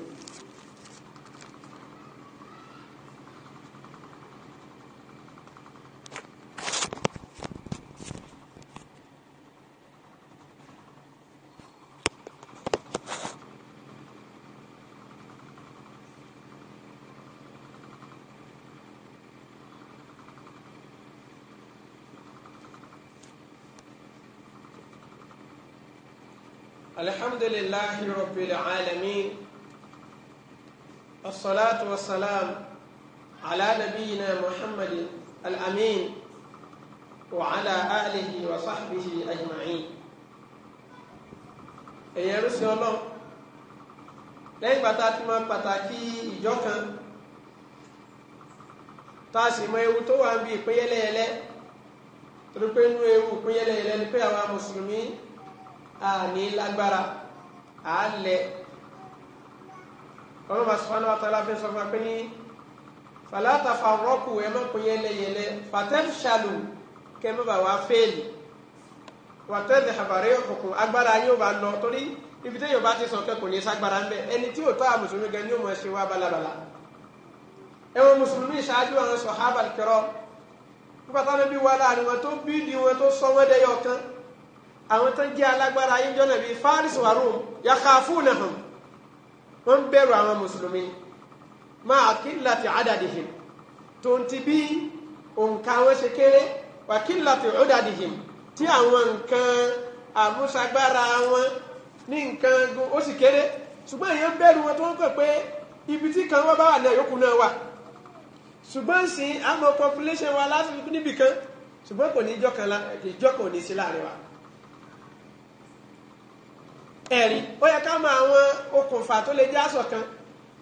الحمد لله رب العالمين الصلاة والسلام على نبينا محمد الأمين وعلى آله وصحبه أجمعين èèyàn ló ṣe ọlọ́run lẹ́yìn bàtà tí máa pàtàkì ìjọ kan tá a sì mọ ewu tó wà ń bi ìpínyẹlẹyẹlẹ torí pé inú ewu ìpínyẹlẹyẹlẹ ni pé àwa mùsùlùmí àní lágbára àálẹ̀ ọlọ́mọ asọ́nà àtàlà fẹ́ sọ fún wa pé ní fàlàtà fàrọ́kù ẹ má pín yẹlẹyẹlẹ fàtẹ́fṣàlù kẹ má bà wá fẹ́ẹ̀lì wàtẹ́ẹ̀dẹ̀ àbàrẹ́ òkùnkùn agbára yóò bá lọ torí ibi téèyàn bá ti sọ pé kò ní sagbára ń bẹ ẹni tí ò tọ́ àmùsùlùmí gan ni ó mọ̀ ẹ́ wá balabala ẹ̀wọ̀n mùsùlùmí ṣáájú àwọn sọ̀hábà kẹrọ nígbà táwọn ẹbí wà láàrin wọn tó bí ìdí wọn tó sọ wọn dẹyọ kan àwọn tó ń jẹ́ alágbára ayé jọ́nà bíi faris wa rum yakhafunahum wọ́n ń bẹ̀rù àwọn mùsùlùmí máa qillati adadihim tó ń ti bí òǹkà wọn ṣe kéré wa qillati udadihim tí àwọn nǹkan àmúṣagbára wọn ní nǹkan ó sì kéré ṣùgbọ́n èèyàn bẹ̀rù wọn tó ń pè pé ibi tí kan wọ́n bá wà náà yòókù náà wà ṣùgbọ́n sí àmọ́ population wa láti níbì kan ṣùgbọ́n kò ní ìjọ kan ní sí láàrin wa ẹ̀rí ó yẹ ká mọ àwọn okùnfà tó lè já ṣọ̀kan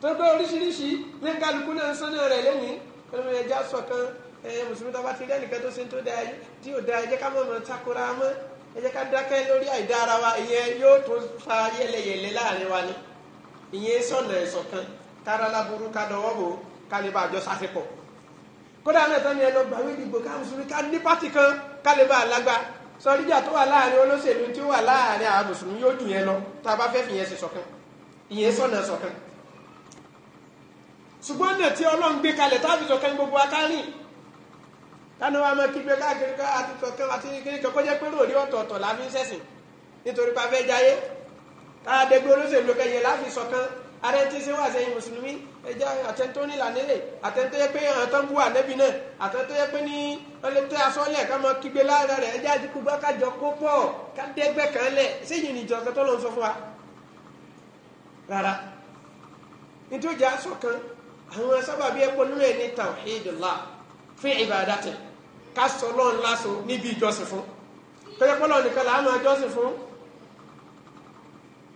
tó gbé oríṣiríṣi ní kálukú náà sánà rẹ̀ lẹ́yìn kọ́nà yẹ já ṣọ̀kan ẹ̀yẹ mùsùlùmí tó bá ti dẹ́nìkan tó ṣe tó da ẹ tí ò da ẹ jẹ́ ká mọ̀ mọ̀ takora mọ́ ẹ jẹ́ ká dákẹ́ lórí àìdá ara wa ìyẹn yóò tó fa yẹlẹyẹlẹ láàrin wa ni ìyẹn sọ̀nà ìṣọ̀kan tára láburú ká dọwọ́ bò ká lè bá àjọ sàṣepọ̀ kódà náà tán ni ẹ lọ gbàwé ìdìbò ká mùsùlùmí ká ní pátì kan ká lè bá àlágbá sọríjà tó wà láàrin olóṣèlú tí ó wà láàrin àwọn mùsùlùmí yóò jù yẹn lọ tá a bá fẹ́ fìyẹn ṣe ṣọ̀kan ìyẹn sọ̀nà ṣọ̀kan ṣùgbọ́n ọ̀nà tí ọlọ́run gbé kalẹ̀ tá a fi ṣọ̀kan gbogbo akárìn táwọn wa máa kígbe káàkiri ká àti ṣọ̀kan àti kiri kan kọjá pé ròrí ọ̀tọ̀ọ̀tọ̀ la fi ń ṣẹ̀sìn nítorí pa fẹ́ jayé tá a dẹgbẹ́ olóṣèlú kẹyìn láfi ṣọ̀kan ààrẹ tí ṣe wà sẹ́yìn mùsùlùmí ẹja àtẹ̀ntó nílà nílẹ̀ àtẹ̀ntó yẹ pé àwọn tó ń wà níbi náà àtẹ̀ntó yẹ pé ní ọlẹ́tẹ́ asọ́lẹ̀ ká máa kígbe lára rẹ̀ ẹja àdìkú bá kájọ kó pọ̀ kádẹ́gbẹ́ kan lẹ̀ sẹ́yìn níjọ kẹtọ́ ló ń sọ fún wa rárá nítorí ìjà aṣọ kan àwọn sábàbí ẹ̀pọ̀ nínú ẹ̀ ní tawhidullah fi ibadati ká sọ lọ́n láṣọ níbi ìjọsìn fún pẹ́ẹ́pọ́lọ́ nìkan làá máa fún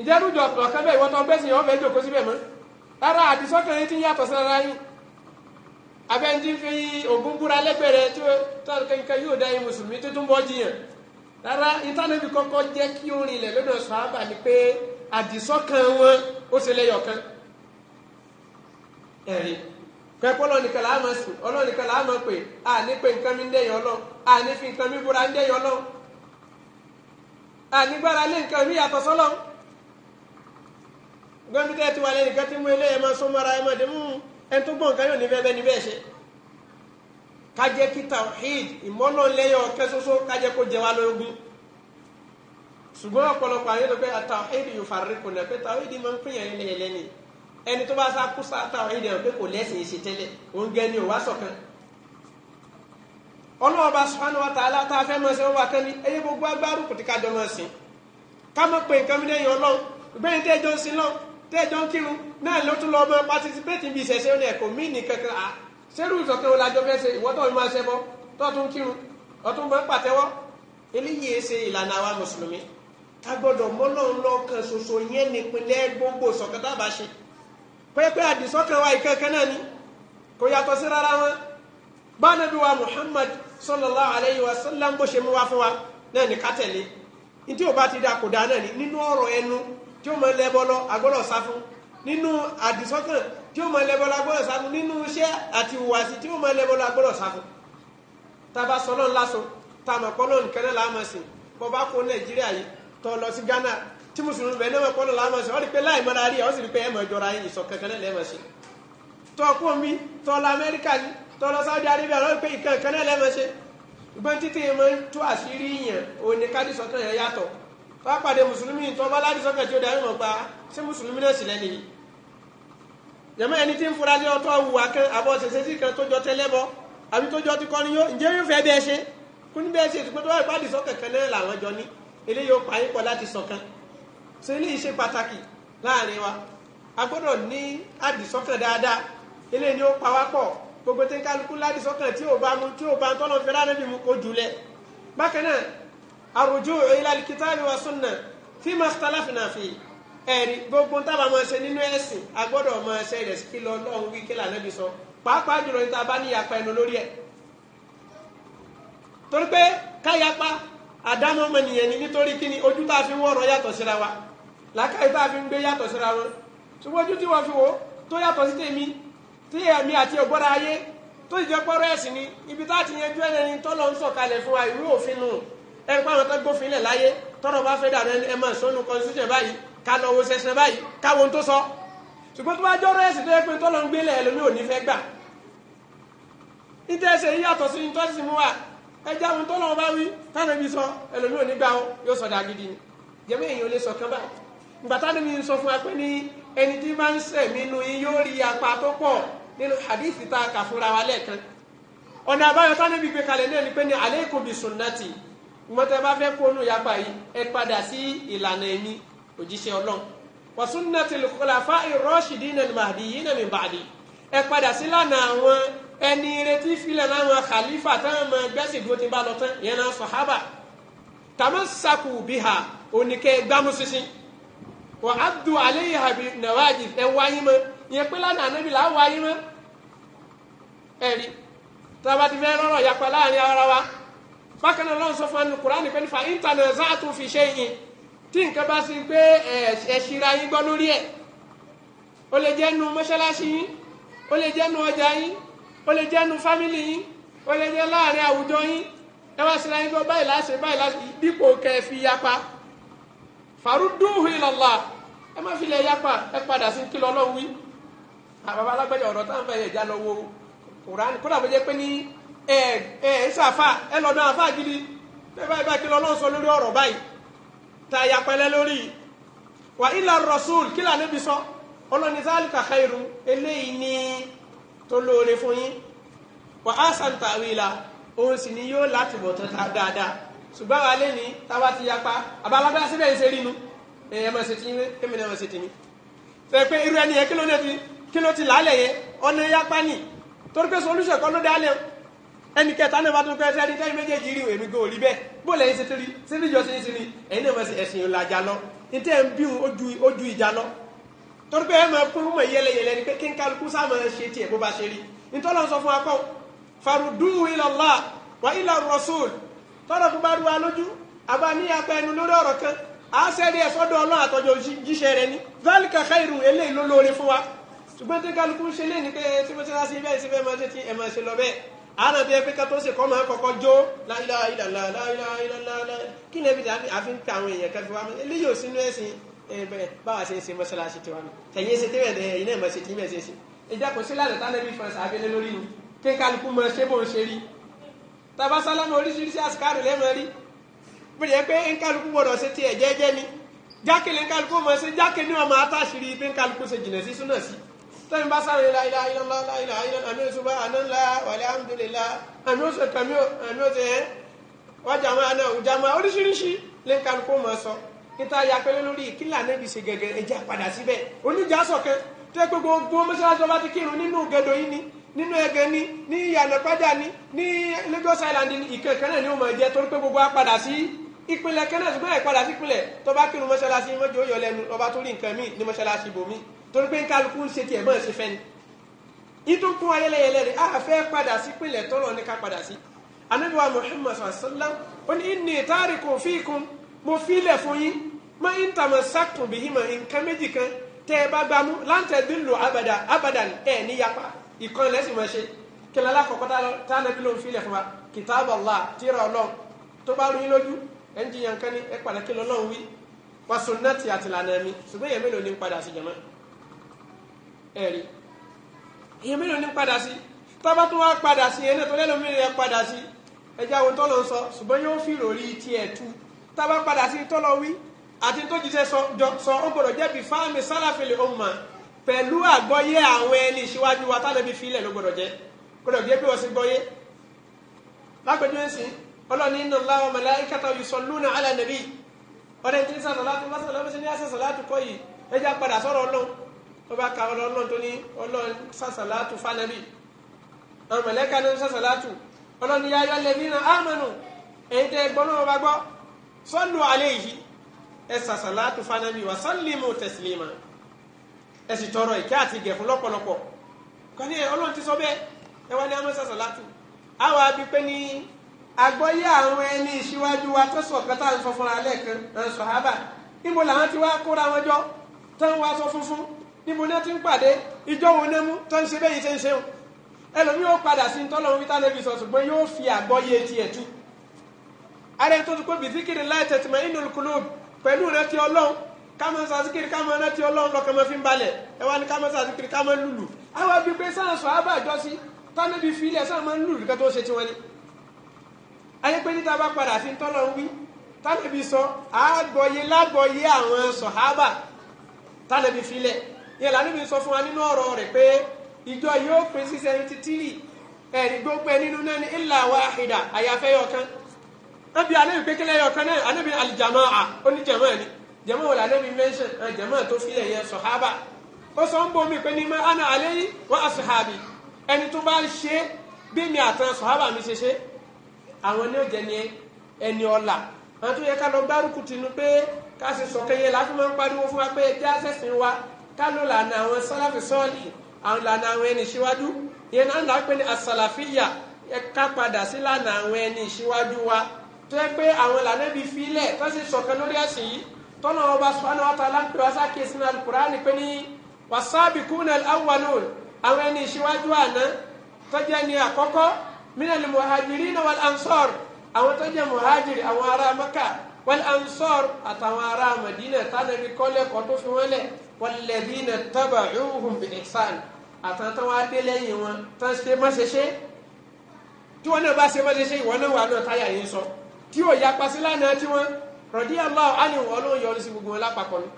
ìjẹ́rújọ ọ̀kan bẹ́ẹ̀ ìwọ́n tó ń gbẹ́sìn yẹn wọ́n fẹ́ jòkó síbẹ̀ mọ́ rárá àti sọ́kàn yín ti ń yàtọ̀ síra yín abẹ́ndín fi ògún búra lẹ́gbẹ̀rẹ́ tí ó tọ́lù kankan yóò dá yín mùsùlùmí tó tún bọ́ jiyàn rárá ìtànàbí kọ́kọ́ jẹ́ kí ó rinlẹ̀ lọ́dọ̀ sọ́ábà ni pé àdìsọ́kàn wọn ó ṣe lẹ́yọ̀kan ẹ̀rí pẹ́pọ́ lọ́nìkan làá máa sùn ọlọ́nìkan làá máa pè á ní pé nǹkan mi ń dẹ̀yìn ọlọ́ á ní fi nǹkan mi búra ń dẹ̀yìn ọlọ́ á ní gbára lé nǹkan mi yàtọ̀ sọ́lọ́ọ̀ gọ́ńdítẹ́ ti wà lẹ́nìkan tí mú eléyẹ máa sún mọ́ra ẹ máa dé mú ẹni tó gbọ́n nǹkan yóò ní bẹ́ẹ̀ bẹ́ẹ̀ ní bẹ́ẹ̀ ṣe ká jẹ́ kí tawhid ìmọ́nà lẹ́yọ̀ ọ̀kẹ́ ṣoṣo ká jẹ́ kó jẹ wá lógún ṣùgbọ́n ọ̀pọ̀lọpọ̀ àwọn ẹlẹ́gbẹ́ tawhid yóò fàrí kò náà pé tawhid máa ń pín yẹn lẹ́yẹ lẹ́ni ẹni tó bá sá kú sá tawhid yẹn pé kò lẹ́sìn ṣe tẹ́lẹ̀ òun gẹ́ ni òwá sọ̀kan ọlọ́ọ̀ba subhanahu wa ta'ala tá a fẹ́ mọ̀ sí wọn wà kán ní ẹyẹ gbogbo agbárùkù tí ká jọ tẹ́jọ́ ń kírun náà ló tún lọ́ọ́ máa participate níbi ìṣẹ̀ṣẹ̀ ní ẹ̀kọ́ mí ní kankan a ṣerú ìṣọ̀kan olájọ́ fẹ́ ṣe ìwọ́ tó ń máa ṣẹbọ tó tún kírun ọtún máa ń pàtẹ́wọ́ eléyìí e ṣe ìlànà àwa mùsùlùmí a gbọ́dọ̀ mọ́lọ́run lọ́kàn ṣoṣo yẹn nípínlẹ̀ gbogbo ìṣọ̀kan tá a bá ṣe pẹ́pẹ́ àdìsọ́kàn wa ìkankan náà ni kò yàtọ̀ sí rárá wọn bánàbí wa Muhammad sallallahu alayhi wa sallam bó ṣe mú wa fún wa náà ní ká tẹ̀lé ní tí ò bá ti dá kò dá náà tí ó máa lẹ́bọ lọ agbọ́dọ̀ sá fún nínú àdìsọ́kàn tí ó máa lẹ́bọ lọ agbọ́dọ̀ sá fún nínú iṣẹ́ àti ìhùwàsí tí ó máa lẹ́bọ lọ agbọ́dọ̀ sá fún tàbá sọlọ́ lásán tàmà pọ́lọ́ nìkan náà láàmà kó nàìjíríà yìí tọ́ lọ sí ghana tí mùsùlùmí bẹ̀ náà pọ́lọ́ láàmà sí wọ́n rí pé láì mọ́ra rí ẹ̀ wọ́n sì rí pé ẹ̀ mọ̀ ìjọra yìí ìsọ̀ kankan náà lẹ́ẹ̀mọ̀ sí kó mi tọ́ lọ amẹ́ríkà yìí tọ́ lọ saudi arabia wọ́n rí pé ìkan kan náà lẹ́ẹ̀mọ̀ sí ìgbọ́n títí yẹn máa ń tú àṣírí yẹn òní kádìsọ́kàn yẹn yàtọ̀ wá pàdé mùsùlùmí tó bá láti sọ́kàn tí ó darí mọ̀ pa ṣé mùsùlùmí náà sì lẹ́nu yẹmọ ẹni tí ń fura sí ọtọ wùwà kan àbọ̀ ṣẹṣẹ sí kan tó jọ tẹlẹbọ àbí tó jọ ti kọ́ ni yó ǹjẹ́ yóò fẹ́ bẹ́ẹ̀ ṣe kún ní bẹ́ẹ̀ ṣe ìtùpẹ́ tó wà ìpàdé sọ́kàn kan náà làwọn jọ ní eléyìí ó pa yín pọ̀ láti ṣọ̀kan ṣe eléyìí ṣe pàtàkì láàrin wa a gbọ́dọ̀ ní àdìsọ́kàn dáadáa eléyìí ni ó pa wá pọ̀ gbogbo tí ń kálukú ládìsọ́kàn tí ò bá mu tí ò bá ń tọ́nà fẹ́ الرجوع إلى الكتاب والسنة فيما اختلفنا فيه ẹ̀rí gbogbo ń tábà máa ṣe nínú ẹ̀sìn a gbọ́dọ̀ máa ṣe rẹ̀ kí lọ lọ́hùn wí kí lànàbí sọ pàápàá jùlọ níta bá níyapa ẹnu lórí ẹ̀ torí pé káyapa àdámọ́ ọmọnìyàn ni nítorí kí ni ojú tá a fi ń wọ̀rọ̀ yàtọ̀ síra wa làákàyè tá a fi ń gbé yàtọ̀ síra wọn ṣùgbọ́n ojú tí wọ́n fi wò tó yàtọ̀ sí tèmi tí èmi àti ọ̀gbọ́ra ayé tó ìjọpọ̀rọ̀ ẹ̀sìn ni ibi tá a ti yẹn ju ẹni tọ́lọ́ ń sọ̀kalẹ̀ fún wa ìwé òfin nù ẹ̀rí pàwọn tó gbófin lẹ̀ láyé tọ́rọ̀ bá fẹ́ dànù ẹ máa sọ́nu constitution báyìí ká lọ wo sẹ́sẹ́ báyìí káwọn tó sọ ṣùgbọ́n tó bá jọ́rọ̀ ẹ̀sìn tó yẹ pé tọ́lọ́ ń gbélé ẹlòmíì ò ní fẹ́ gbà nítẹ̀sẹ̀ yíyàtọ̀ sí ní tọ́sí mú wa ẹjẹ́ àwọn tọ́lọ́ wọn bá wí tánà bí sọ ẹlòmíì ò ní gbà ó yóò sọ dàgídì ni jẹ́mú èèyàn lè sọ kán ìgbà tánà mi sọ fún wa pé ní ẹni tí máa ń sẹ̀ mí nu yóò rí apá tó pọ̀ nínú hadith tá a kà fúnra wa lẹ́ẹ̀kan ọ̀nà àbáyọ tánà bí gbé kalẹ̀ náà ni pé ní alaykum bi sunnati mọ́tẹ́ bá fẹ́ kónú yapa yìí ẹ padà sí ìlànà ẹ̀mí òjíṣẹ́ fa wa sunnatil khulafa'ir rashidin al-mahdiyyin min ba'di ẹ padà sí lànà àwọn ẹni retí filẹ̀ láwọn khalifa táwọn ọmọ gbẹ́sìn dúró ti bá lọ tán yẹn náà sahaba tamassaku biha oníkẹ́ gbámú sísìn wa addu alayha bin nawajidh ẹ wáyé mọ́ ìyẹn pé lánàá anábì là á wáyé mọ́ ẹ̀rí tábàtì fẹ́ rọrọ̀ yapa láàrin ara wa bákan náà lọ́n sọ fún ẹnu kùránì pé nípa íńtánẹ̀tì àtún fi ṣe yín tí nǹkan bá sí pé ẹ ṣìra yín gbọ́ lórí ẹ̀ ó lè jẹ́ nu mọ́ṣáláṣí yín ó lè jẹ́ nu ọjà yín ó lè jẹ́ nu fámìlì yín ó lè jẹ́ láàrin àwùjọ yín ẹ wá ṣìra yín gbọ́ báyìí láṣẹ báyìí láṣẹ dípò kẹ́ fi yapa faruduhu ilallah ẹ má fi yapa ẹ padà sí kí lọ́lọ́ wí ọ̀rọ̀ táwọn fẹ́ yẹ ẹ ẹ ṣàfà ẹ lọ́dọ̀ àfà gidi pé báyìí báyìí kí lọ́lọ́ sọ lórí ọ̀rọ̀ báyìí ta yapẹlẹ lórí wà ilà rasul kí là níbi sọ ọlọ́ni zálìkà khairu eléyìí ní tó lóore fún yín wà á sàǹtà wìlà òun sì ni yóò láti bọ̀ tó ta dáadáa ṣùgbọ́n wa lé ní táwa ti yapa àbálábá síbẹ̀ ń ṣe rí nu ẹ̀yẹ máa ṣe ti yín èmi náà máa ṣe ti mi. sọ pé irú ẹni yẹn kí ló ti lálẹ́ yẹn ọ̀nà yapa ni torí pé solution kan ló dá lẹ́wọ̀ ẹnì kẹta náà bá tún pẹ́ sẹ́ni tẹ́yìn méjèèjì rí èmi gan òrí bẹ́ẹ̀ bó lẹ́yìn ṣe torí sínú ìjọ sí sí ni ẹ̀yin náà fẹ́ ẹ̀sìn ìlàjà lọ níta ń bí ojú ìjà lọ torí pé ẹ máa kún mọ̀ yẹlẹyẹlẹ ni pé kí n kálukú sáàmù ṣe tiẹ̀ bó bá ṣe rí nítọ́lọ́ sọ fún akọ́ farudu ila wa ila rasul tọ́rọ̀ tó bá rúwa lójú àbá ní apẹ ẹnu lórí ọ̀rọ̀ kan á sẹ́rí ẹ̀ sọ́dọ̀ ni zalika khairu eléyìí ló lóore fún wa ṣùgbọ́n tí kálukú ṣe lé ní pé tí mo ṣe lásìí àánà tó yẹ pé kátó ṣe kọ́ máa kọ́kọ́ jó láìlá ìlàlá láìlá ìlàlá kí ni ẹbí àfi ń ta àwọn èèyàn kan fi wá eléyìí ò sínú ẹ̀sìn ẹ̀bẹ̀ báwa ṣe ń ṣe mọ́ṣáláṣí tiwa mi tẹ̀yìn ṣe tẹ́wẹ̀ ẹ̀ iná ìmọ̀ ṣe kí mẹ̀ ṣe ṣe ìjẹ́kùn sí lálẹ́ tálẹ́ bí fọ́nṣà abẹ́lẹ́ lórí ni kí kálukú mọ ṣé bó ń ṣe rí tàbá sálámù oríṣiríṣi àsìkárù lẹ́mọ rí bóyá pé nkálukú gbọdọ̀ ṣe tiẹ̀ jẹ́jẹ́ ni jákèlé nkálukú mọ̀ ṣe jákèlé ọmọ atáṣìírí pé nkálukú ṣe jìnà sí súnà sí tẹ́yìn bá sáré la ilá ilá ńlá ilá ilá ilá àmì òṣùpá àná ńlá wàlẹ́ àmdùlélá àmì òṣè kàmí àmì òṣè ẹ́ wájà àwọn àna òjà máa oríṣiríṣi lè kálukú máa sọ níta ya pẹ́lẹ́ lórí ìkílà níbi ṣe gẹ́gẹ́ ẹja padà síbẹ̀ oníjà sọ̀kẹ́ tẹ́ gbogbo gbogbo mọ́ṣáláṣí ọba ti kírun nínú gẹ́dọ̀ yìí ni nínú ẹgẹ ni ní ìyànà padà ni ní Lagos Island ìkẹ̀kẹ́ náà ni ó máa jẹ torí pé gbogbo apàdà sí ìpínlẹ̀ kẹ́nà ṣùgbọ́n ẹ̀ padà sí ìpínlẹ̀ tó bá kírun mọ́ṣáláṣí mọ́jọ́ yọ lẹ́nu ọba tó rí nǹkan míì ní mọ́ṣáláṣí bòmíì torí pé kálukú ń ṣe tiẹ̀ bọ́ọ̀ ṣe fẹ́ ni ìtún kún ayẹlẹyẹlẹ rẹ̀ a fẹ́ padà sí pínlẹ̀ tọ́lọ̀ ní ká padà sí anabi muhammad sallam ó ní inni tarikun mo filẹ̀ fún yín ma in tamassaktum bihima nǹkan méjì kan tẹ́ ẹ bá gbámú láǹtẹ̀ dúnlò abada abada ẹ̀ ní yapa ìkan lẹ́sìn máa ṣe kẹlẹ́ alákọ̀ọ́kọ́ tá a nàbí ló ń filẹ̀ fún wa kìtàbù Allah tíra ọlọ́run tó bá rún yín lójú ẹ̀ ń jiyàn kan ní ẹ̀ pàdé kí lọ́lọ́run wí wa sunnati àtìlànà mi ṣùgbọ́n èèyàn mélòó ní padà sí jàmáà ẹ̀rí ìyẹn mélòó ní padà sí tábà tó wá padà sí yẹn náà tó lẹ́nu mélòó yẹn padà sí ẹjẹ́ àwọn tó lọ sọ ṣùgbọ́n yóò fi ròrí tiẹ̀ tu tábà padà sí tó lọ wí àti tó jíṣẹ́ sọ ó gbọ́dọ̀ jẹ́bi fáàmì sálàfẹ́lẹ̀ ọmọ pẹ̀lú àgbọ́yé àwọn ẹni ìṣíwájú wa tálẹ́bí filẹ̀ ló gbọ́dọ̀ jẹ́ gbọ́dọ̀ jẹ́ bí wọ́n sì gbọ́yé lápẹjú ẹ̀sìn ọlọ́ni inna Allaha wa malaikatahu yusalluna ala nabi ọ̀rẹ́ tí ń sàtọ̀ láti wọ́n sàtọ̀ lọ́wọ́ sí ní àṣẹ sàlátù kọ́ yìí ẹja padà sọ̀rọ̀ ọlọ́run ó bá ka ọlọ́run tó ní ọlọ́run sàṣàlátù fanabi àwọn mọ̀lẹ́ka ló ń sàṣàlátù ọlọ́run yá yọ lẹ́bí náà ámánù ẹ̀yin tẹ́ gbọ́ náà bá gbọ́ sọ́lù alẹ́ yìí ẹ sàṣàlátù fanabi wà sọ́lìmù tẹ̀sílìmà ẹ sì tọrọ ìkẹ́ àti ìgẹ̀ fún lọ́pọ̀lọpọ̀ kọ́ni ọlọ́run ti sọ bẹ́ẹ̀ ẹ wá ní àmọ́ sàṣàlátù àwọn abi pé ní agbọ́yé àwọn ẹni ìṣíwájú wa tó sọ̀ kẹta ń sọ fúnra lẹ́ẹ̀kan ẹ̀ ń sọ níbo ní ti ń pàdé ìjọ wo ní mú tó ń ṣe bẹ́yìn ṣe ń ṣe o ẹlòmíì ó padà sí tọ́lọ́ wíta níbi sọ ṣùgbọ́n yóò fi àgbọ́yé tiẹ̀ tú ara ẹni tó ti pé bìsíkìrì láì tẹ̀tìmọ̀ inú kùlùb pẹ̀lú rẹ ti ọlọ́run kámọ́ sàzíkìrì kámọ́ rẹ ti ọlọ́run lọ́kàn máa fi ń balẹ̀ ẹ wá ní kámọ́ sàzíkìrì kámọ́ lùlù àwọn ibi pé sáà sọ abájọ sí tánàbí filẹ̀ sáà máa ń lùlù kẹ́ tó ṣe tiwọn ni ayé pé níta bá padà sí tọ́lọ́ wí tánàbí sọ àgbọ̀yé lágbọ̀yé àwọn sọ̀hábà tánàbí filẹ̀ yẹn lànà mi sọ fún wa nínú ọ̀rọ̀ rẹ̀ pé ìjọ yóò pín sí seventy three ẹ̀rí gbogbo ẹ̀ nínú náà ní ìlà wàhídà àyàfẹ́ yọkan ẹbí anabi pékélé yọkan náà anabi alìjàmọ́ à oní jẹ̀mọ́ ni jẹ̀mọ́ wò lànà mi mẹ́ṣẹ̀ ẹ̀ jẹ̀mọ́ tó fi ẹ̀yẹ sọ̀hábà ó sọ ń bọ̀ mí pé ní ma ana alẹ́ yìí wọ́n asọ̀hábì ẹni tó bá ṣe bí mi àtàn sọ̀hábà mi ṣe ṣe àwọn ní òjẹ́ ni ẹni ọ̀la àwọn tó yẹ ká lọ gbárùkù tì pé ká sì sọ̀kẹ́yẹ láti máa ń pariwo fún wa pé ẹjẹ́ àṣẹ̀sìn wa ká ló lànà àwọn sálàfì sọ́ọ̀lì àwọn lànà àwọn ẹni ìṣíwájú ìyẹn náà là ń pè ní asàlàfíyà ká padà sí lànà àwọn ẹni ìṣíwájú wa tó yẹ pé àwọn lànà bíi filẹ̀ tó sì ṣọ̀kan lórí ẹ̀sìn yìí tọ́nà ọba sùpánà ọ̀tá láńpẹ́ wá sáké sínú alukùránì pé ní wasabiquna al-awwalun àwọn ẹni ìṣíwájú àná tó jẹ́ ní àkọ́kọ́ minal muhajirina wal ansar àwọn tó muhajiri àwọn ará Maka wal ansar àtàwọn ará Madina tánàbí kọ́lẹ́kọ̀ọ́ tó fi wọ́n lẹ̀ walladhina taba'uhum bi ihsan àtàntàn wa dé lẹ́yìn wọn tán ṣe mọ́ṣẹ́ṣẹ́ tí wọn náà bá ṣe mọ́ṣẹ́ṣẹ́ ìwọ náà wà náà táyà yìí sọ tí ò yapa sí lánàá tí wọn radiyallahu anhu ọlọ́run yọrí sí gbogbo wọn lápapọ̀ ni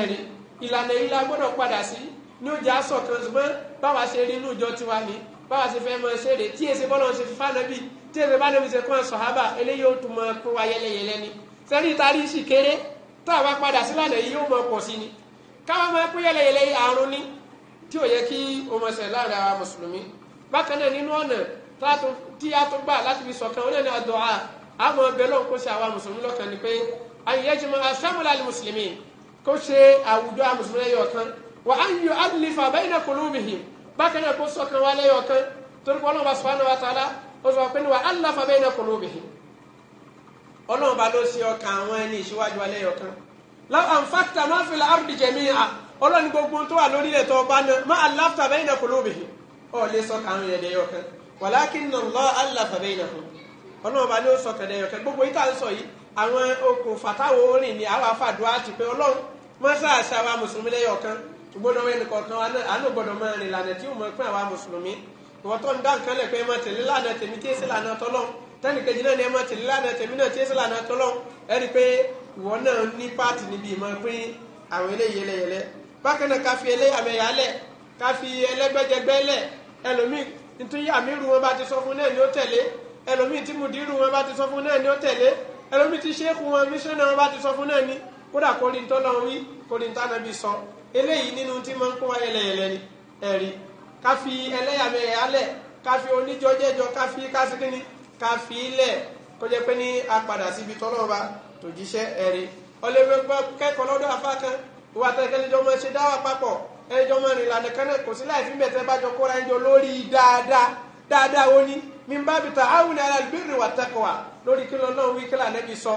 ẹ̀rí ìlànà yìí la gbọ́dọ̀ padà sí ní ó jẹ́ aṣọ kan ṣùgbọ́n báwa ṣe rí inú ìjọ tiwa ni báwa ṣe fẹ́ mọ ṣeré tá a bá padà sílànà yìí yóò mọ pọ̀ sí ni káwọn máa pín yẹlẹyẹlẹ àrùn ni tí ò yẹ kí o mọ̀ sẹ̀ láàrin àwọn mùsùlùmí bákan náà nínú ọ̀nà tí a tún gbà láti fi sọ̀kan ọ̀nà ní àdọ́ a àmọ́ ọbẹ̀ lọ́hùn kó ṣe àwọn mùsùlùmí lọ́kàn ni pé àyẹ̀jẹ̀ mọ́ asámúlá mùsùlùmí kó ṣe àwùjọ àmùsùlùmí lẹ́yọ̀ kan wà á yọ alifa bẹ́ẹ̀nà kùlùmìhì bákan náà kó sọ̀kan wá lẹ́yọ̀ kan torí pé ọlọ́run bá sọ̀rọ̀ ọlọ́run ba ló ṣe ọkàn àwọn ẹni ìṣíwájú alẹ́ ọkàn law anfaqta ma ọlọ́run gbogbo tó wà ọba ma allafta bayna qulubihim ọ lè sọkàn àwọn ẹ̀dẹ̀ ọlọ́run ló sọkàn ẹ̀dẹ̀ gbogbo yìí tá à ń sọ yìí àwọn okùnfà táwọn orin ni àwọn afàdúrà ti pé ọlọ́run mọ́ṣáàṣà wa mùsùlùmí lẹ́yọ̀ tẹ́nìkejì náà ni ẹ máa tẹ̀lé lánàá tèmi náà tí ẹ sì lánàá tọ́lọ́ ẹ rí i pé ìwọ náà ní páàtì níbi ìmọ̀ pín àwọn eléyìí ẹlẹ́yẹlẹ́ bákan náà ká fi ẹlẹ́yàmẹ̀yà lẹ̀ ká fi ẹlẹ́gbẹ́jẹgbẹ́ lẹ̀ ẹlòmíì nítorí àmírù wọn bá ti sọ fún náà ni ó tẹ̀lé ẹlòmíì tí mùdírù wọn bá ti sọ fún náà ni ó tẹ̀lé ẹlòmíì tí ṣéèkù wọn mísọ́nà wọn bá ti sọ fún náà ni kódà kórìí tọ́lọ́ wí kórìí tánàbí sọ eléyìí nínú tí máa ká fi ilẹ̀ kó jẹ́ pé ní a padà síbi tọ́lọ́ba tó jíṣẹ́ ẹ̀rí ọlẹ́wẹ́ gbọ́ kẹ́kọ̀ọ́ lọ́dọ̀ afá kan ìwà tẹ́kẹ́lẹ́jọ́ máa ṣe dáwà papọ̀ ẹjọ́ máa rìn ìlànà kan náà kò sí láì fi mẹ́tẹ́ bá jọ kóra ẹjọ́ lórí dáadáa dáadáa ó ní mi bá bìtà áwùn ara ìbéèrè wà tẹ́kọ̀ọ́ lórí kí lọ́nà wí kí lànà bí sọ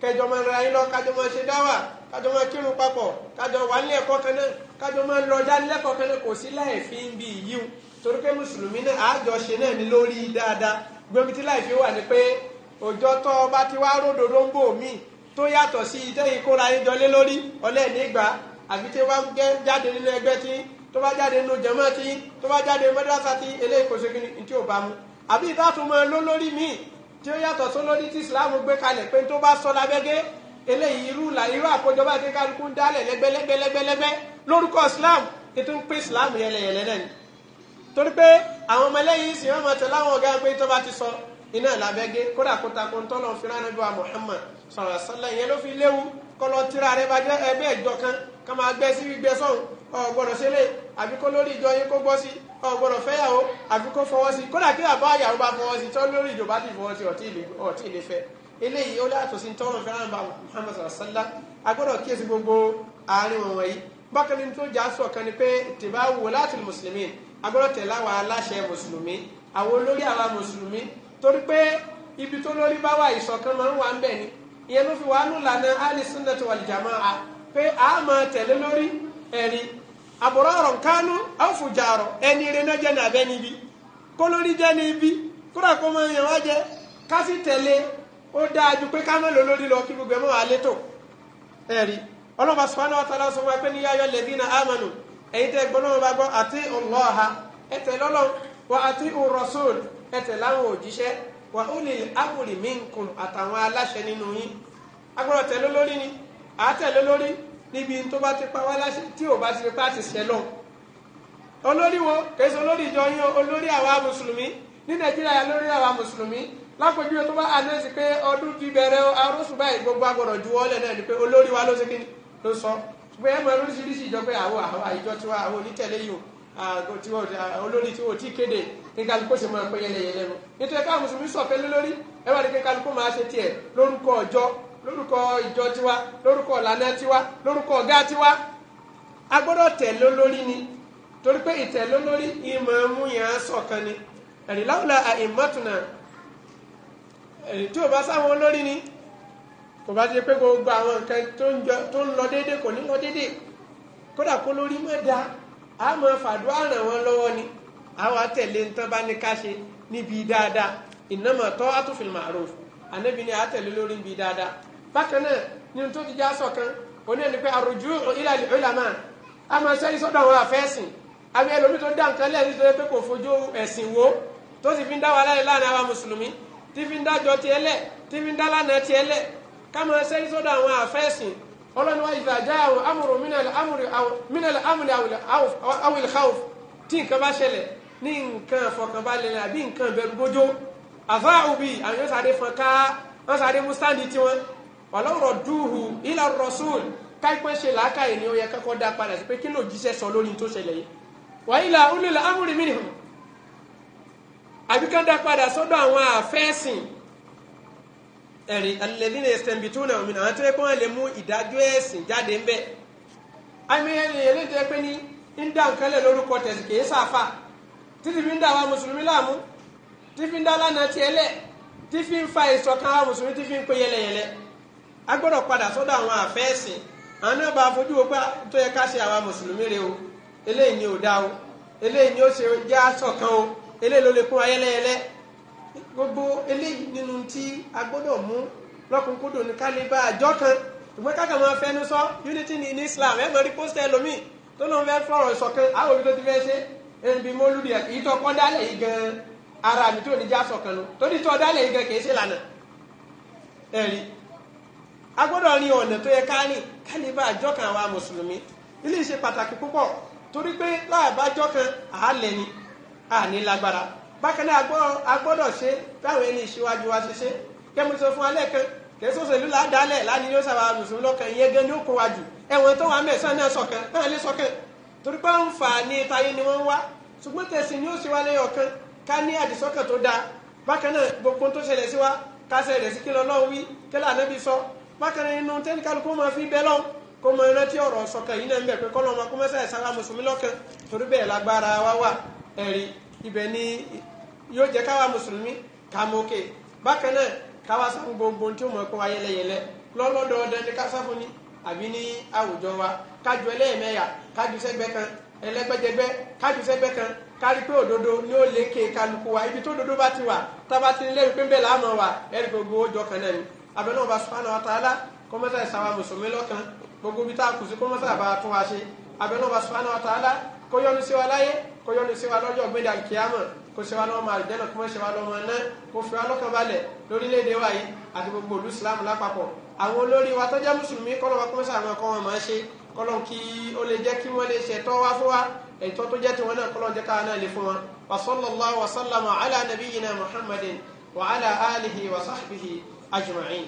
kẹjọ máa ra lọ kájọ ṣe dáwà kájọ máa kírun papọ̀ kájọ wà nílẹ̀ ẹ̀kọ́ kan náà kájọ máa lọ dánilẹ́kọ̀ọ́ kan náà kò sí láì fi ń bí ìyíw torí pé mùsùlùmí náà àjọṣe náà ni lórí dáadáa gbẹmí tí láì fi wà ní pé òjò tó bá ti wá ródòdó ń bò míì tó yàtọ̀ sí ìtẹ́ ìkóra yín jọlé lórí ọlẹ́ nígbà àbí tí wọ́n gẹ́ jáde nínú ẹgbẹ́ tí tó bá jáde nínú jẹ̀mọ́ tí tó bá jáde mọ́dásá tí eléyìí kò ṣègbè tí ò bá mu àbí ìtàtúmọ̀ lólórí míì tí ó yàtọ̀ sólórí tí ìsìláàmù gbé kalẹ̀ pé tó bá sọ lábẹ́gẹ́ eléyìí irú là irú àkójọ bá ti kálukú dálẹ̀ lórúkọ ìsìláàmù ètò ń pè ìsìláàmù yẹlẹyẹlẹ náà ni torí pé àwọn ọmọlẹ́yìn sì wọ́n máa tẹ̀lé àwọn ọ̀gá pé tó bá ti sọ iná làbẹ́gẹ́ kódà kó ta kóńtọ́ lọ fi ránà bíwá Muhammad sọ̀rọ̀ sọ́lá ìyẹn ló fi léwu kọ́lọ́ tíra rẹ bá jẹ́ ẹgbẹ́ ìjọ kan ká máa gbẹ́ sí gbígbẹ́ sọ́hùn ọ̀gbọ́dọ̀ sílẹ̀ àbí kó lórí ìjọ yín kó gbọ́ sí ọ̀gbọ́dọ̀ fẹ́yàwó àbí kó fọwọ́ sí kódà kí àbá àyàwó bá fọwọ́ sí tó lórí ìjọba ti fọwọ́ sí ọ̀tí ilé fẹ́ eléyìí ó láàtọ̀ sí tọ́rọ̀ fẹ́ràn bá agbọ́dọ̀ kíyèsí gbogbo àárín wọn wọ̀nyí bákan ní tó jà sọ̀kan ni pé tìbáwò láti mùsùlùmí agbọ́dọ̀ tẹ̀lé àwọn aláṣẹ mùsùlùmí àwọn olórí àwọn mùsùlùmí torí pé ibi tó lórí bá wà ìṣọ̀kan máa ń wà ń bẹ̀ ni ìyẹn ló fi wà nù lànà ali sunnati wal jamaa pé a máa tẹ̀lé lórí ẹ̀rí àbúrọ̀rọ̀ kánú àfùjàrọ̀ ẹni ìrìnà jẹ́ nàbẹ́ níbi kó lórí jẹ́ níbi kúrò kó máa yàn wá jẹ ká sì tẹ̀lé ó dáa pé ká má lò lórí lọ kí gbogbo ẹ̀ mọ́ wa létò ẹ̀rí ọlọ́ba subhanahu wa ta'ala sọ wá pé ní yáyọ ẹ̀yin tẹ gbọ́ náà bá àti ọlọ́ha ẹ tẹ̀lé Ọlọ́hun wa àti ọ̀rọ̀sọ́ọ̀l ẹ tẹ̀lé àwọn òjíṣẹ́ wa ulil amri minkum àtàwọn aláṣẹ nínú yín agbọ́dọ̀ lórí ni à níbi tó bá ti pa wá láṣẹ tí ò bá ti pa ti ṣẹ lọ. olórí wo olórí ìjọ yín olórí àwa mùsùlùmí ní nàìjíríà yà lórí àwa mùsùlùmí tó bá àdéhùn sí pé ọdún báyìí gbogbo sọ ṣùgbọ́n ẹ máa lóríṣiríṣi ìjọ pé àwọn àwọn àìjọ tiwa àwọn n'itele yìí o tí wọn olórí tí wọn ò kéde kí ṣe máa pé yẹlẹyẹlẹ nu nítorí káwọn mùsùlùmí sọ̀fẹ́ lé ẹ wá ní kí máa ṣe lórúkọ lórúkọ ìjọ tiwa lórúkọ ìlànà tiwa lórúkọ tiwa a gbọ́dọ̀ ni torí pé yẹn á ni láwùlà àìmọ́tùnà tí ò bá kò bá ti pé gbogbo àwọn nǹkan tó ń lọ déédéé kò ní lọ déédéé kódà kó lórí mọ́ da a máa fàdúrà ràn wọ́n lọ́wọ́ ni àwọn àtẹ̀lé ntán bá ní ká ṣe níbi dáadáa ìnámọ̀ tọ́ àtúfin màrúf ànábi ni àtẹ̀lé lórí níbi dáadáa bákan náà nínú tó ti já sọ̀kan oní ẹni pé àrùjú ìlàlẹ̀ ìlàmà a máa ṣe ìsọdọ̀ àwọn àfẹ́sìn àbí ẹlòmí tó dá nǹkan lẹ́yìn nítorí pé kò fojú ẹ̀sìn wo tó sì fi ń dá wàhálà yìí láàrin àwa mùsùlùmí tí fi ń dájọ́ tiẹ̀ lẹ̀ tí fi ń dá lánàá tiẹ̀ lẹ̀ káma ṣe sọ́dọ̀ àwọn àfẹ́sìn ọlọ́ni wáyé ìfàjá àwọn amúrò mínàlì amúlẹ̀ awil khawf tí nǹkan bá ṣẹlẹ̀ ní nǹkan fọkànbalẹ̀ àbí nǹkan bẹ̀rù bójó àfa òbí àwọn yóò sáré fọn ká wọn sáré mú sáǹdì tiwọn ọlọ́rọ̀ dùhù ilà rọ̀ṣùl káìpẹ́ ṣe làákà yìí ni ó yẹ kẹ́kọ̀ọ́ dá padà sí pé kí ló jíṣẹ́ sọ lórí tó ṣẹlẹ̀ yìí wàyí là ó lè la amúrò mínàlì àbí dá padà sọ́dọ̀ àwọn àfẹ́sìn ẹ̀rí alẹ́dínà ẹ̀sẹ̀mbìtúnà òmìnira àwọn tó yẹ kó wọn lè mú ìdájọ́ ẹ̀sìn jáde ńbẹ. àmìyẹn lèyẹ lè jẹ pé ní ń dá nǹkan lẹ̀ lórúkọ tẹ̀sí kìí sáfà títí fi ń dá wa mùsùlùmí láàmú tí fi ń dá lánàá tiẹ̀ lẹ̀ tí fi ń fa mùsùlùmí tí fi ń yẹlẹyẹlẹ. a gbọ́dọ̀ padà sọ́dọ̀ àwọn àwọn náà bá fojú tó yẹ ká ṣe àwa mùsùlùmí rè o eléyìí ni ò o gbogbo eléyìí nínú tí a gbọ́dọ̀ mú lọ́kùnkúndò ní kálíbà àjọ kan ìgbẹ́ kákan máa fẹnu sọ unity ní Islam ẹ̀ mọ̀ rí pósítẹ̀ lómi tó lóun fẹ́ fọ̀rọ̀ ìṣọ̀kan àwọn òbí tó ti fẹ́ ṣe ẹnbí mọ́lúdì ìtọ́ kọ́ dálẹ̀ yìí gan ara mi tó ní já sọ̀kan lọ torí tọ́ dálẹ̀ yìí gan kì í ṣe lànà ẹ̀rí a gbọ́dọ̀ rin ọ̀nà tó yẹ ká rìn kálíbà àjọ kan àwa mùsùlùmí ilé ìṣe pàtàkì púpọ̀ torí pé láàbájọ́ kan àálẹ̀ ni àní lágbára bákan náà a gbọ́dọ̀ ṣe báwọn ẹni ìṣíwájú wa ṣe ṣe kẹ́ sọ fún alẹ́ kan kẹsọsọ ládàálẹ̀ láti ní ó sábà mùsùlùmí lọ́kàn ìyẹn gan ni ó wa jù ẹ̀wọ̀n tó wà mẹ́sàn-án náà sọ̀kan náà lé sọ̀kan torí pé ń fà ní tayé ni wọ́n ń wá ṣùgbọ́n tẹ̀sìn ni ó sì wá lẹ́yìn ọ̀kan ká ní àdìsọ́kàn tó dáa bákan náà gbogbo tó ṣẹlẹ̀ sí wa ká ṣẹlẹ̀ sí kí lọ́lọ́run wí kí lànàbí sọ bákan náà inú tẹ́nìkálukú máa fi bẹ́ lọ́hùn kó mọ rántí ọ̀rọ̀ sọ̀kan yìí náà ń bẹ̀ pé kọ́lọ́ ọmọ kó mẹ́sà ẹ̀ torí bẹ́ẹ̀ lágbára wa wà ẹ̀rí ibẹ̀ ni yóò jẹ́ káwa mùsùlùmí ká mókè bákan náà káwa sáfún gbogbo tí ó mọ̀ ẹ̀kọ́ ayẹlẹyẹlẹ lọ́lọ́dọọdún ni ká sáfún ni àbí ní àwùjọ wa kájú ẹlẹ́ẹ̀mẹ́yà kájú sẹ́gbẹ́ kan ẹlẹ́gbẹ́jẹgbẹ́ kájú sẹ́gbẹ́ kan kárí pé òdodo ni ó lékè kálukú wa ibi tó dodo bá ti wà tába ti ní lẹ́rìí pé ń bẹ̀ wa ẹ̀rí gbogbo ó jọ kan náà ni abẹ́lẹ́ ọba subhanahu wa ta'ala kọ́mọ́sá ìsáwá mùsùlùmí lọ́kan gbogbo ibi tá a kù sí kọ́mọ́sá àbá tún wa ṣe abẹ́lẹ́ ọba subhanahu wa ta'ala kó yọ́nú sí wa láyé kó yọ́nú sí wa lọ́jọ́ gbéra kíámọ̀ kó ṣe wa lọ́mọ àlùjẹ́nà kó mọ̀ ṣe wa lọ́mọ iná kó fi wa lọ́kàn balẹ̀ lórílẹ̀‐èdè wa yìí àti gbogbo olú islam lápapọ̀ àwọn olórí wa tó mùsùlùmí kọ́lọ́ wa kọ́mọ́sà àwọn ọkọ wọn máa ṣe kọ́lọ́ kí ó lè jẹ́ kí wọ́n lè ṣẹ̀tọ́ wá fún wa ẹ̀tọ́ tó jẹ́ tiwọn náà kọ́lọ́ jẹ́ káwọn náà lè fún wọn wa sallallahu wa sallama ala nabiyyina muhammadin wa ala alihi wa sahbihi ajma'in.